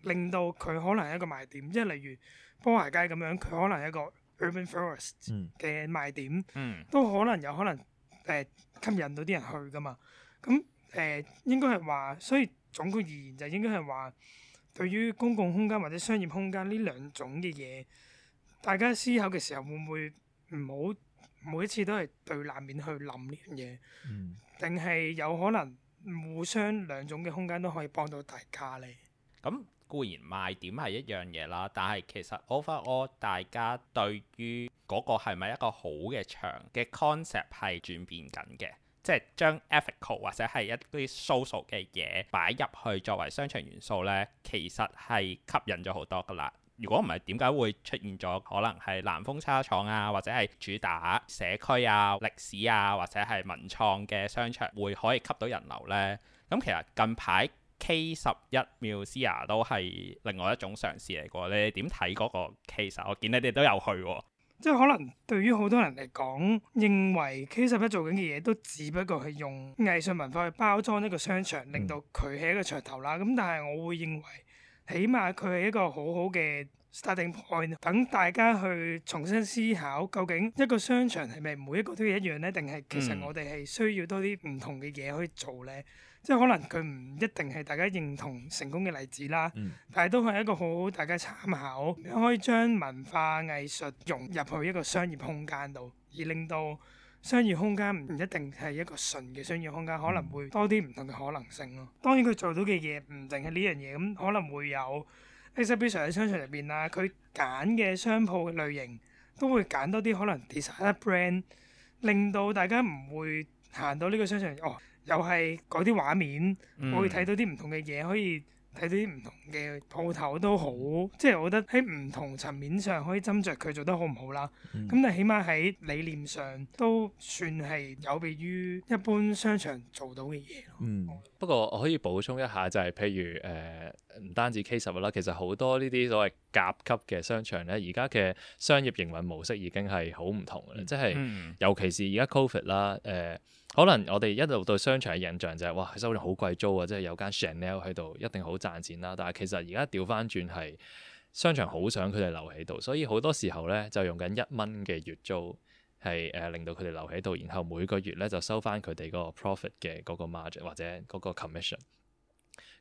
令到佢可能係一個賣點，即係例如波鞋街咁樣，佢可能係一個 urban forest 嘅賣點，嗯、都可能有可能誒、呃、吸引到啲人去噶嘛？咁、嗯、誒、呃、應該係話，所以總括而言就應該係話，對於公共空間或者商業空間呢兩種嘅嘢，大家思考嘅時候會唔會唔好？每次都係對立面去諗呢樣嘢，定係、嗯、有可能互相兩種嘅空間都可以幫到大家呢？咁固然賣點係一樣嘢啦，但係其實 over all，大家對於嗰個係咪一個好嘅場嘅 concept 係轉變緊嘅，即係將 ethical 或者係一啲 social 嘅嘢擺入去作為商場元素呢，其實係吸引咗好多㗎喇。如果唔係，點解會出現咗可能係南豐紗廠啊，或者係主打社區啊、歷史啊，或者係文創嘅商場會可以吸到人流呢？咁其實近排 K 十一 Musea 都係另外一種嘗試嚟嘅呢，你點睇嗰個 case？我見你哋都有去喎。即係可能對於好多人嚟講，認為 K 十一做緊嘅嘢都只不過係用藝術文化去包裝呢個商場，嗯、令到佢起一個噱頭啦。咁但係我會認為，起碼佢係一個好好嘅 starting point，等大家去重新思考究竟一個商場係咪每一個都一樣呢？定係其實我哋係需要多啲唔同嘅嘢可以做呢？即係可能佢唔一定係大家認同成功嘅例子啦，但係都係一個好好大家參考，可以將文化藝術融入去一個商業空間度，而令到。商業空間唔一定係一個純嘅商業空間，可能會多啲唔同嘅可能性咯。嗯、當然佢做到嘅嘢唔定係呢樣嘢，咁可能會有 e x p e r i e 商場入邊啦，佢揀嘅商鋪類型都會揀多啲可能 design brand，令到大家唔會行到呢個商場哦，又係改啲畫面，嗯、會睇到啲唔同嘅嘢，可以。睇啲唔同嘅鋪頭都好，即係我覺得喺唔同層面上可以斟酌佢做得好唔好啦。咁、嗯、但起碼喺理念上都算係有別於一般商場做到嘅嘢。嗯，好唔好，好不過我可以補充一下就係，譬如誒，唔、呃、單止 K 十啦，其實好多呢啲所謂甲級嘅商場咧，而家嘅商業營運模式已經係好唔同嘅，即係尤其是而家 COVID 啦、呃，誒。可能我哋一路對商場嘅印象就係、是、哇，收咗好貴租啊，即係有間 Chanel 喺度，一定好賺錢啦、啊。但係其實而家掉翻轉係商場好想佢哋留喺度，所以好多時候呢，就用緊一蚊嘅月租係誒、呃、令到佢哋留喺度，然後每個月呢，就收翻佢哋個 profit 嘅嗰個 margin 或者嗰個 commission。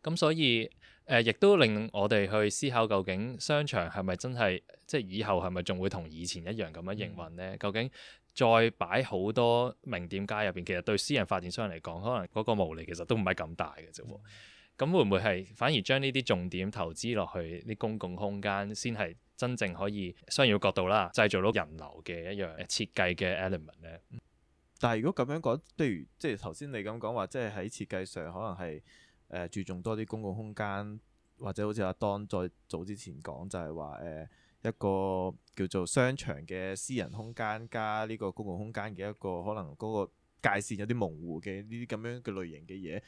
咁所以誒，亦、呃、都令我哋去思考究竟商場係咪真係即係以後係咪仲會同以前一樣咁樣營運呢？嗯、究竟？再擺好多名店街入邊，其實對私人發展商嚟講，可能嗰個毛利其實都唔係咁大嘅啫。咁、嗯啊、會唔會係反而將呢啲重點投資落去啲公共空間，先係真正可以商業角度啦，製造到人流嘅一樣設計嘅 element 呢？但係如果咁樣講，譬如即係頭先你咁講話，即係喺設計上可能係、呃、注重多啲公共空間，或者好似阿 Don 再早之前講，就係話誒。呃一個叫做商場嘅私人空間加呢個公共空間嘅一個可能嗰個界線有啲模糊嘅呢啲咁樣嘅類型嘅嘢，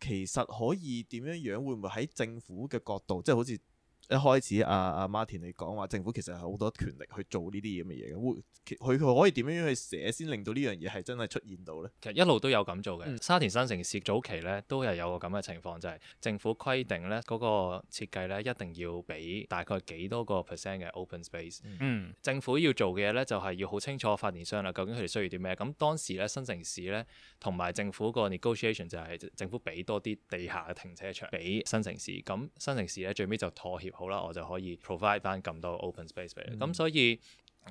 其實可以點樣樣，會唔會喺政府嘅角度，即係好似？一開始阿阿 Martin 你講話，政府其實係好多權力去做呢啲咁嘅嘢嘅。會佢佢可以點樣樣去寫先令到呢樣嘢係真係出現到呢？其實一路都有咁做嘅。嗯、沙田新城市早期咧都係有個咁嘅情況，就係、是、政府規定咧嗰、那個設計咧一定要俾大概幾多個 percent 嘅 open space。嗯、政府要做嘅嘢咧就係、是、要好清楚發展商啦，究竟佢哋需要啲咩。咁當時咧新城市咧同埋政府個 negotiation 就係政府俾多啲地下嘅停車場俾新城市，咁新城市咧最尾就妥協。好啦，我就可以 provide 翻咁多 open space 俾你。咁、嗯、所以，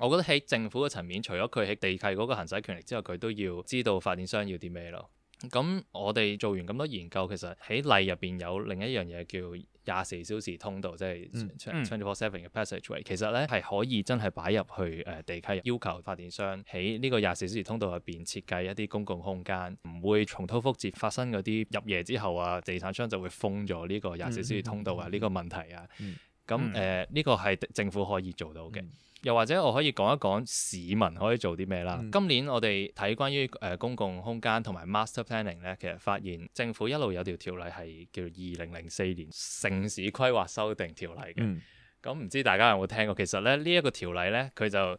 我覺得喺政府嘅層面，除咗佢喺地契個行使權力之外，佢都要知道發展商要啲咩咯。咁我哋做完咁多研究，其實喺例入邊有另一樣嘢叫廿四小時通道，即係 twenty four seven 嘅 passage way。其實咧係可以真係擺入去誒地契，要求發電商喺呢個廿四小時通道入邊設計一啲公共空間，唔會重蹈覆轍發生嗰啲入夜之後啊，地產商就會封咗呢個廿四小時通道啊，呢、這個問題啊。咁誒呢個係政府可以做到嘅。又或者我可以講一講市民可以做啲咩啦。嗯、今年我哋睇關於誒公共空間同埋 master planning 咧，其實發現政府一路有一條條例係叫《二零零四年城市規劃修訂條例》嘅、嗯。咁唔知大家有冇聽過？其實咧呢一、呢個條例咧，佢就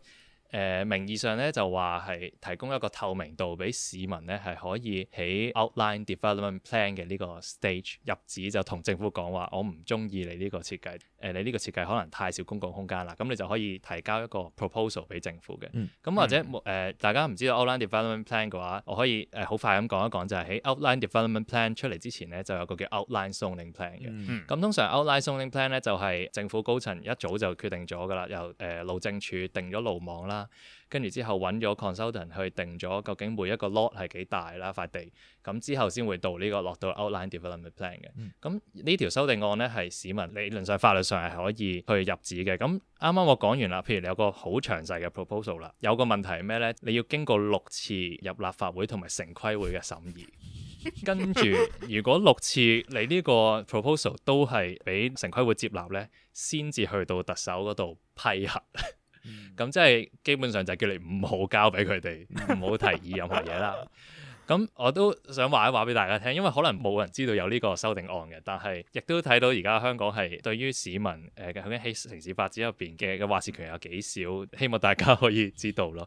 呃、名義上咧就話係提供一個透明度俾市民咧，係可以喺 outline development plan 嘅呢個 stage 入紙就同政府講話，我唔中意你呢個設計，誒、呃、你呢個設計可能太少公共空間啦，咁你就可以提交一個 proposal 俾政府嘅。咁、嗯嗯、或者、呃、大家唔知道 outline development plan 嘅話，我可以誒好、呃、快咁講一講、就係，就係喺 outline development plan 出嚟之前咧，就有個叫 outline zoning plan 嘅。咁、嗯嗯、通常 outline zoning plan 咧就係、係、政府高層一早就決定咗㗎啦，由誒路、呃、政署定咗路網啦。跟住之後揾咗 consultant 去定咗究竟每一個 lot 係幾大啦，塊地，咁之後先會到呢個落到 outline development plan 嘅。咁呢條修訂案呢，係市民理論上法律上係可以去入紙嘅。咁啱啱我講完啦，譬如你有個好詳細嘅 proposal 啦，有個問題係咩呢？你要經過六次入立法會同埋城規會嘅審議，跟住如果六次你呢個 proposal 都係俾城規會接納呢，先至去到特首嗰度批核。咁即係基本上就叫你唔好交俾佢哋，唔好提議任何嘢啦。 咁我都想話一話俾大家聽，因為可能冇人知道有呢個修訂案嘅，但係亦都睇到而家香港係對於市民誒嘅喺城市發展入邊嘅話事權有幾少，希望大家可以知道咯。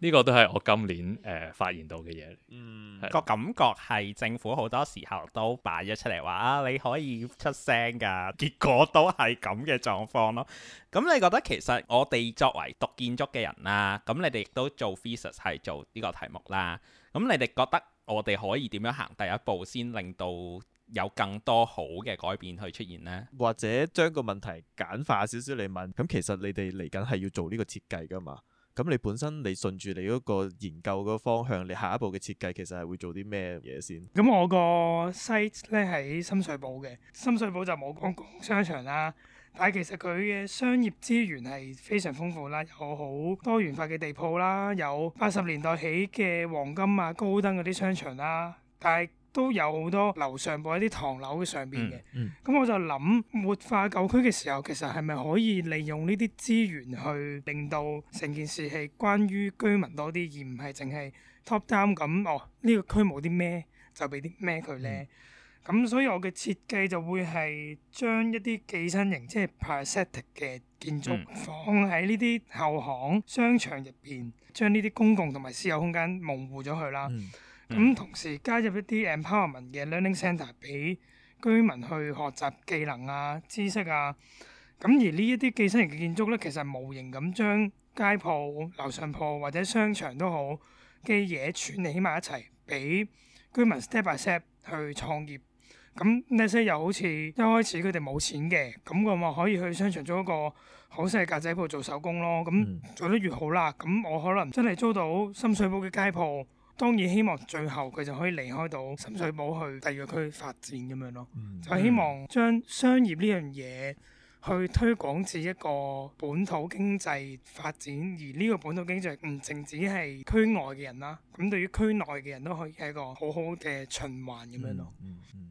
呢 個都係我今年誒、呃、發現到嘅嘢。嗯，是個感覺係政府好多時候都擺咗出嚟話啊，你可以出聲㗎，結果都係咁嘅狀況咯。咁你覺得其實我哋作為讀建築嘅人啦，咁你哋亦都做 thesis 係做呢個題目啦。咁你哋覺得我哋可以點樣行第一步先令到有更多好嘅改變去出現呢？或者將個問題簡化少少你問，咁其實你哋嚟緊係要做呢個設計㗎嘛？咁你本身你順住你嗰個研究嗰個方向，你下一步嘅設計其實係會做啲咩嘢先？咁我個 site 咧，喺深水埗嘅，深水埗就冇公共商場啦。但係其實佢嘅商業資源係非常豐富啦，有好多元化嘅地鋪啦，有八十年代起嘅黃金啊、高登嗰啲商場啦，但係都有好多樓上部喺啲唐樓嘅上邊嘅。咁、嗯嗯、我就諗活化舊區嘅時候，其實係咪可以利用呢啲資源去令到成件事係關於居民多啲，而唔係淨係 top down 咁哦？呢、呢個區冇啲咩就俾啲咩佢呢？嗯咁所以我嘅設計就會係將一啲寄生型即係 parasitic 嘅建築、嗯、放喺呢啲後巷商場入邊，將呢啲公共同埋私有空間模糊咗佢啦。咁、嗯嗯、同時加入一啲 empowerment 嘅 learning centre 俾居民去學習技能啊、知識啊。咁而呢一啲寄生型嘅建築咧，其實無形咁將街鋪、樓上鋪或者商場都好嘅嘢串起埋一齊，俾居民 step by step 去創業。咁呢啲又好似一開始佢哋冇錢嘅，咁我咪可以去商場租一個好細嘅格仔鋪做手工咯。咁做得越好啦，咁我可能真係租到深水埗嘅街鋪，當然希望最後佢就可以離開到深水埗去第二個區發展咁樣咯。嗯、就希望將商業呢樣嘢去推廣至一個本土經濟發展，而呢個本土經濟唔淨止係區外嘅人啦，咁對於區內嘅人都可以係一個好好嘅循環咁樣咯。嗯嗯嗯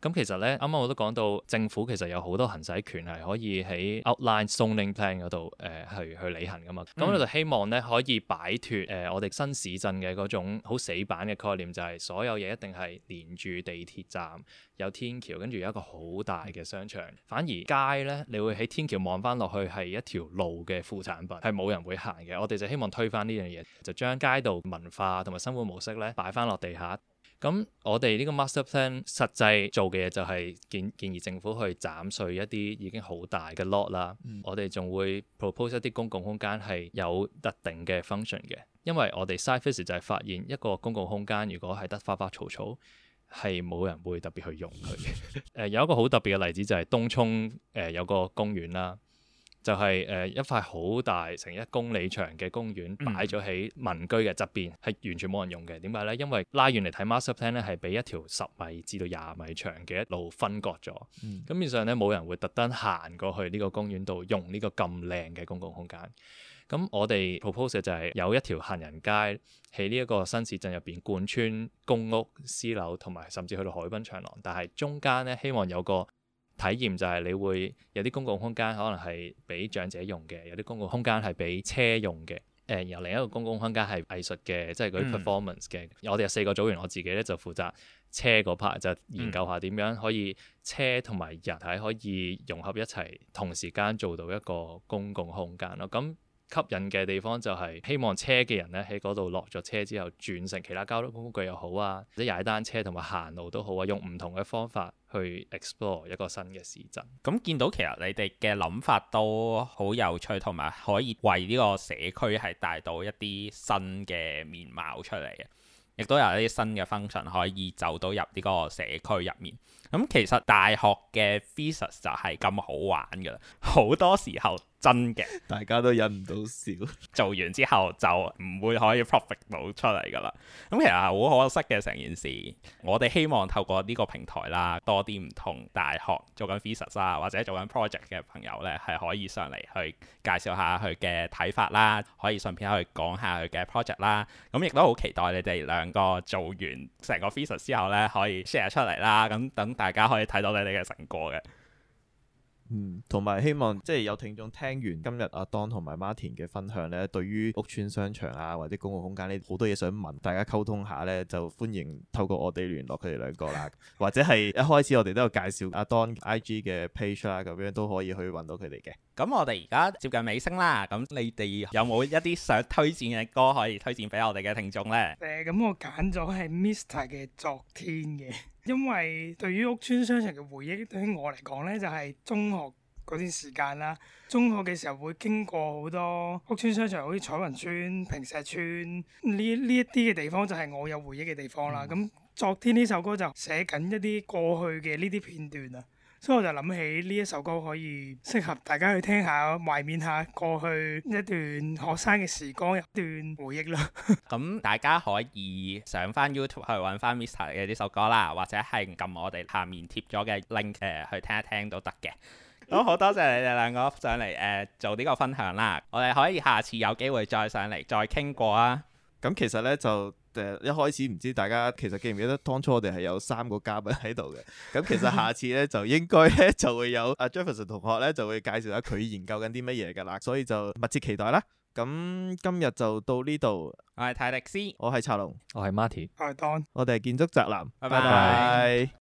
咁其實咧，啱啱我都講到政府其實有好多行使權係可以喺 outline zoning plan 嗰度誒去去履行噶嘛。咁我、嗯、就希望咧可以擺脫誒、呃、我哋新市鎮嘅嗰種好死板嘅概念，就係、是、所有嘢一定係連住地鐵站有天橋，跟住有一個好大嘅商場。嗯、反而街咧，你會喺天橋望翻落去係一條路嘅副產品，係冇人會行嘅。我哋就希望推翻呢樣嘢，就將街道文化同埋生活模式咧擺翻落地下。咁我哋呢個 master plan 實際做嘅嘢就係建建議政府去斬碎一啲已經好大嘅 lot 啦。嗯、我哋仲會 propose 一啲公共空間係有特定嘅 function 嘅，因為我哋 side f a 就係發現一個公共空間如果係得花花草草，係冇人會特別去用佢。誒、 呃、有一個好特別嘅例子就係東涌誒、呃、有個公園啦。就係誒一塊好大成一公里長嘅公園擺咗喺民居嘅側邊，係、嗯、完全冇人用嘅。點解呢？因為拉遠嚟睇 masterplan 咧，係俾一條十米至到廿米長嘅一路分割咗。咁面上咧，冇人會特登行過去呢個公園度用呢個咁靚嘅公共空間。咁我哋 proposal 就係有一條行人街喺呢一個新市鎮入邊貫穿公屋、私樓同埋甚至去到海濱長廊，但係中間呢，希望有個體驗就係你會有啲公共空間可能係俾長者用嘅，有啲公共空間係俾車用嘅，誒，然後另一個公共空間係藝術嘅，即係嗰啲 performance 嘅。嗯、我哋有四個組員，我自己咧就負責車嗰 part，就是、研究下點樣可以車同埋人係可以融合一齊，同時間做到一個公共空間咯。咁、嗯。吸引嘅地方就係希望車嘅人咧，喺嗰度落咗車之後，轉乘其他交通工具又好啊，或者踩單車同埋行路都好啊，用唔同嘅方法去 explore 一個新嘅市鎮。咁見到其實你哋嘅諗法都好有趣，同埋可以為呢個社區係帶到一啲新嘅面貌出嚟嘅，亦都有一啲新嘅 function 可以走到入呢個社區入面。咁其實大學嘅 thesis 就係咁好玩㗎喇，好多時候。真嘅，大家都忍唔到笑。 做完之後就唔會可以 profit 到出嚟噶啦。咁其實好可惜嘅成件事。我哋希望透過呢個平台啦，多啲唔同大學做緊 thesis 啊，或者做緊 project 嘅朋友呢，係可以上嚟去介紹下佢嘅睇法啦，可以順便去講下佢嘅 project 啦。咁亦都好期待你哋兩個做完成個 thesis 之後呢，可以 share 出嚟啦。咁等大家可以睇到你哋嘅成果嘅。嗯，同埋希望即係有聽眾聽完今日阿 Don 同埋 Martin 嘅分享咧，對於屋邨商場啊或者公共空間呢，好多嘢想問，大家溝通下咧，就歡迎透過我哋聯絡佢哋兩個啦，或者係一開始我哋都有介紹阿 Don IG 嘅 page 啦，咁樣都可以去揾到佢哋嘅。咁、嗯、我哋而家接近尾聲啦，咁你哋有冇一啲想推薦嘅歌可以推薦俾我哋嘅聽眾咧？誒、嗯，咁我揀咗係 Mr. 嘅昨天嘅。因為對於屋邨商場嘅回憶，對於我嚟講咧，就係、是、中學嗰段時間啦。中學嘅時候會經過好多屋邨商場，好似彩雲邨、坪石邨呢呢一啲嘅地方，就係我有回憶嘅地方啦。咁、嗯、昨天呢首歌就寫緊一啲過去嘅呢啲片段啊。所以我就諗起呢一首歌可以適合大家去聽下，懷緬下過去一段學生嘅時光，一段回憶啦。咁 大家可以上翻 YouTube 去揾翻 Mr. 嘅呢首歌啦，或者係撳我哋下面貼咗嘅 link 去聽一聽都得嘅。咁好多謝你哋兩個上嚟誒、呃、做呢個分享啦。我哋可以下次有機會再上嚟再傾過啊。咁其實呢就～Uh, 一開始唔知大家其實記唔記得當初我哋係有三個嘉賓喺度嘅，咁其實下次咧就應該咧就會有阿 Jefferson 同學咧就會介紹下佢研究緊啲乜嘢㗎啦，所以就密切期待啦。咁今日就到呢度，我係泰迪斯，我係茶龍，我係 Marty，我係 Don，我哋係建築宅男，拜拜 bye。Bye bye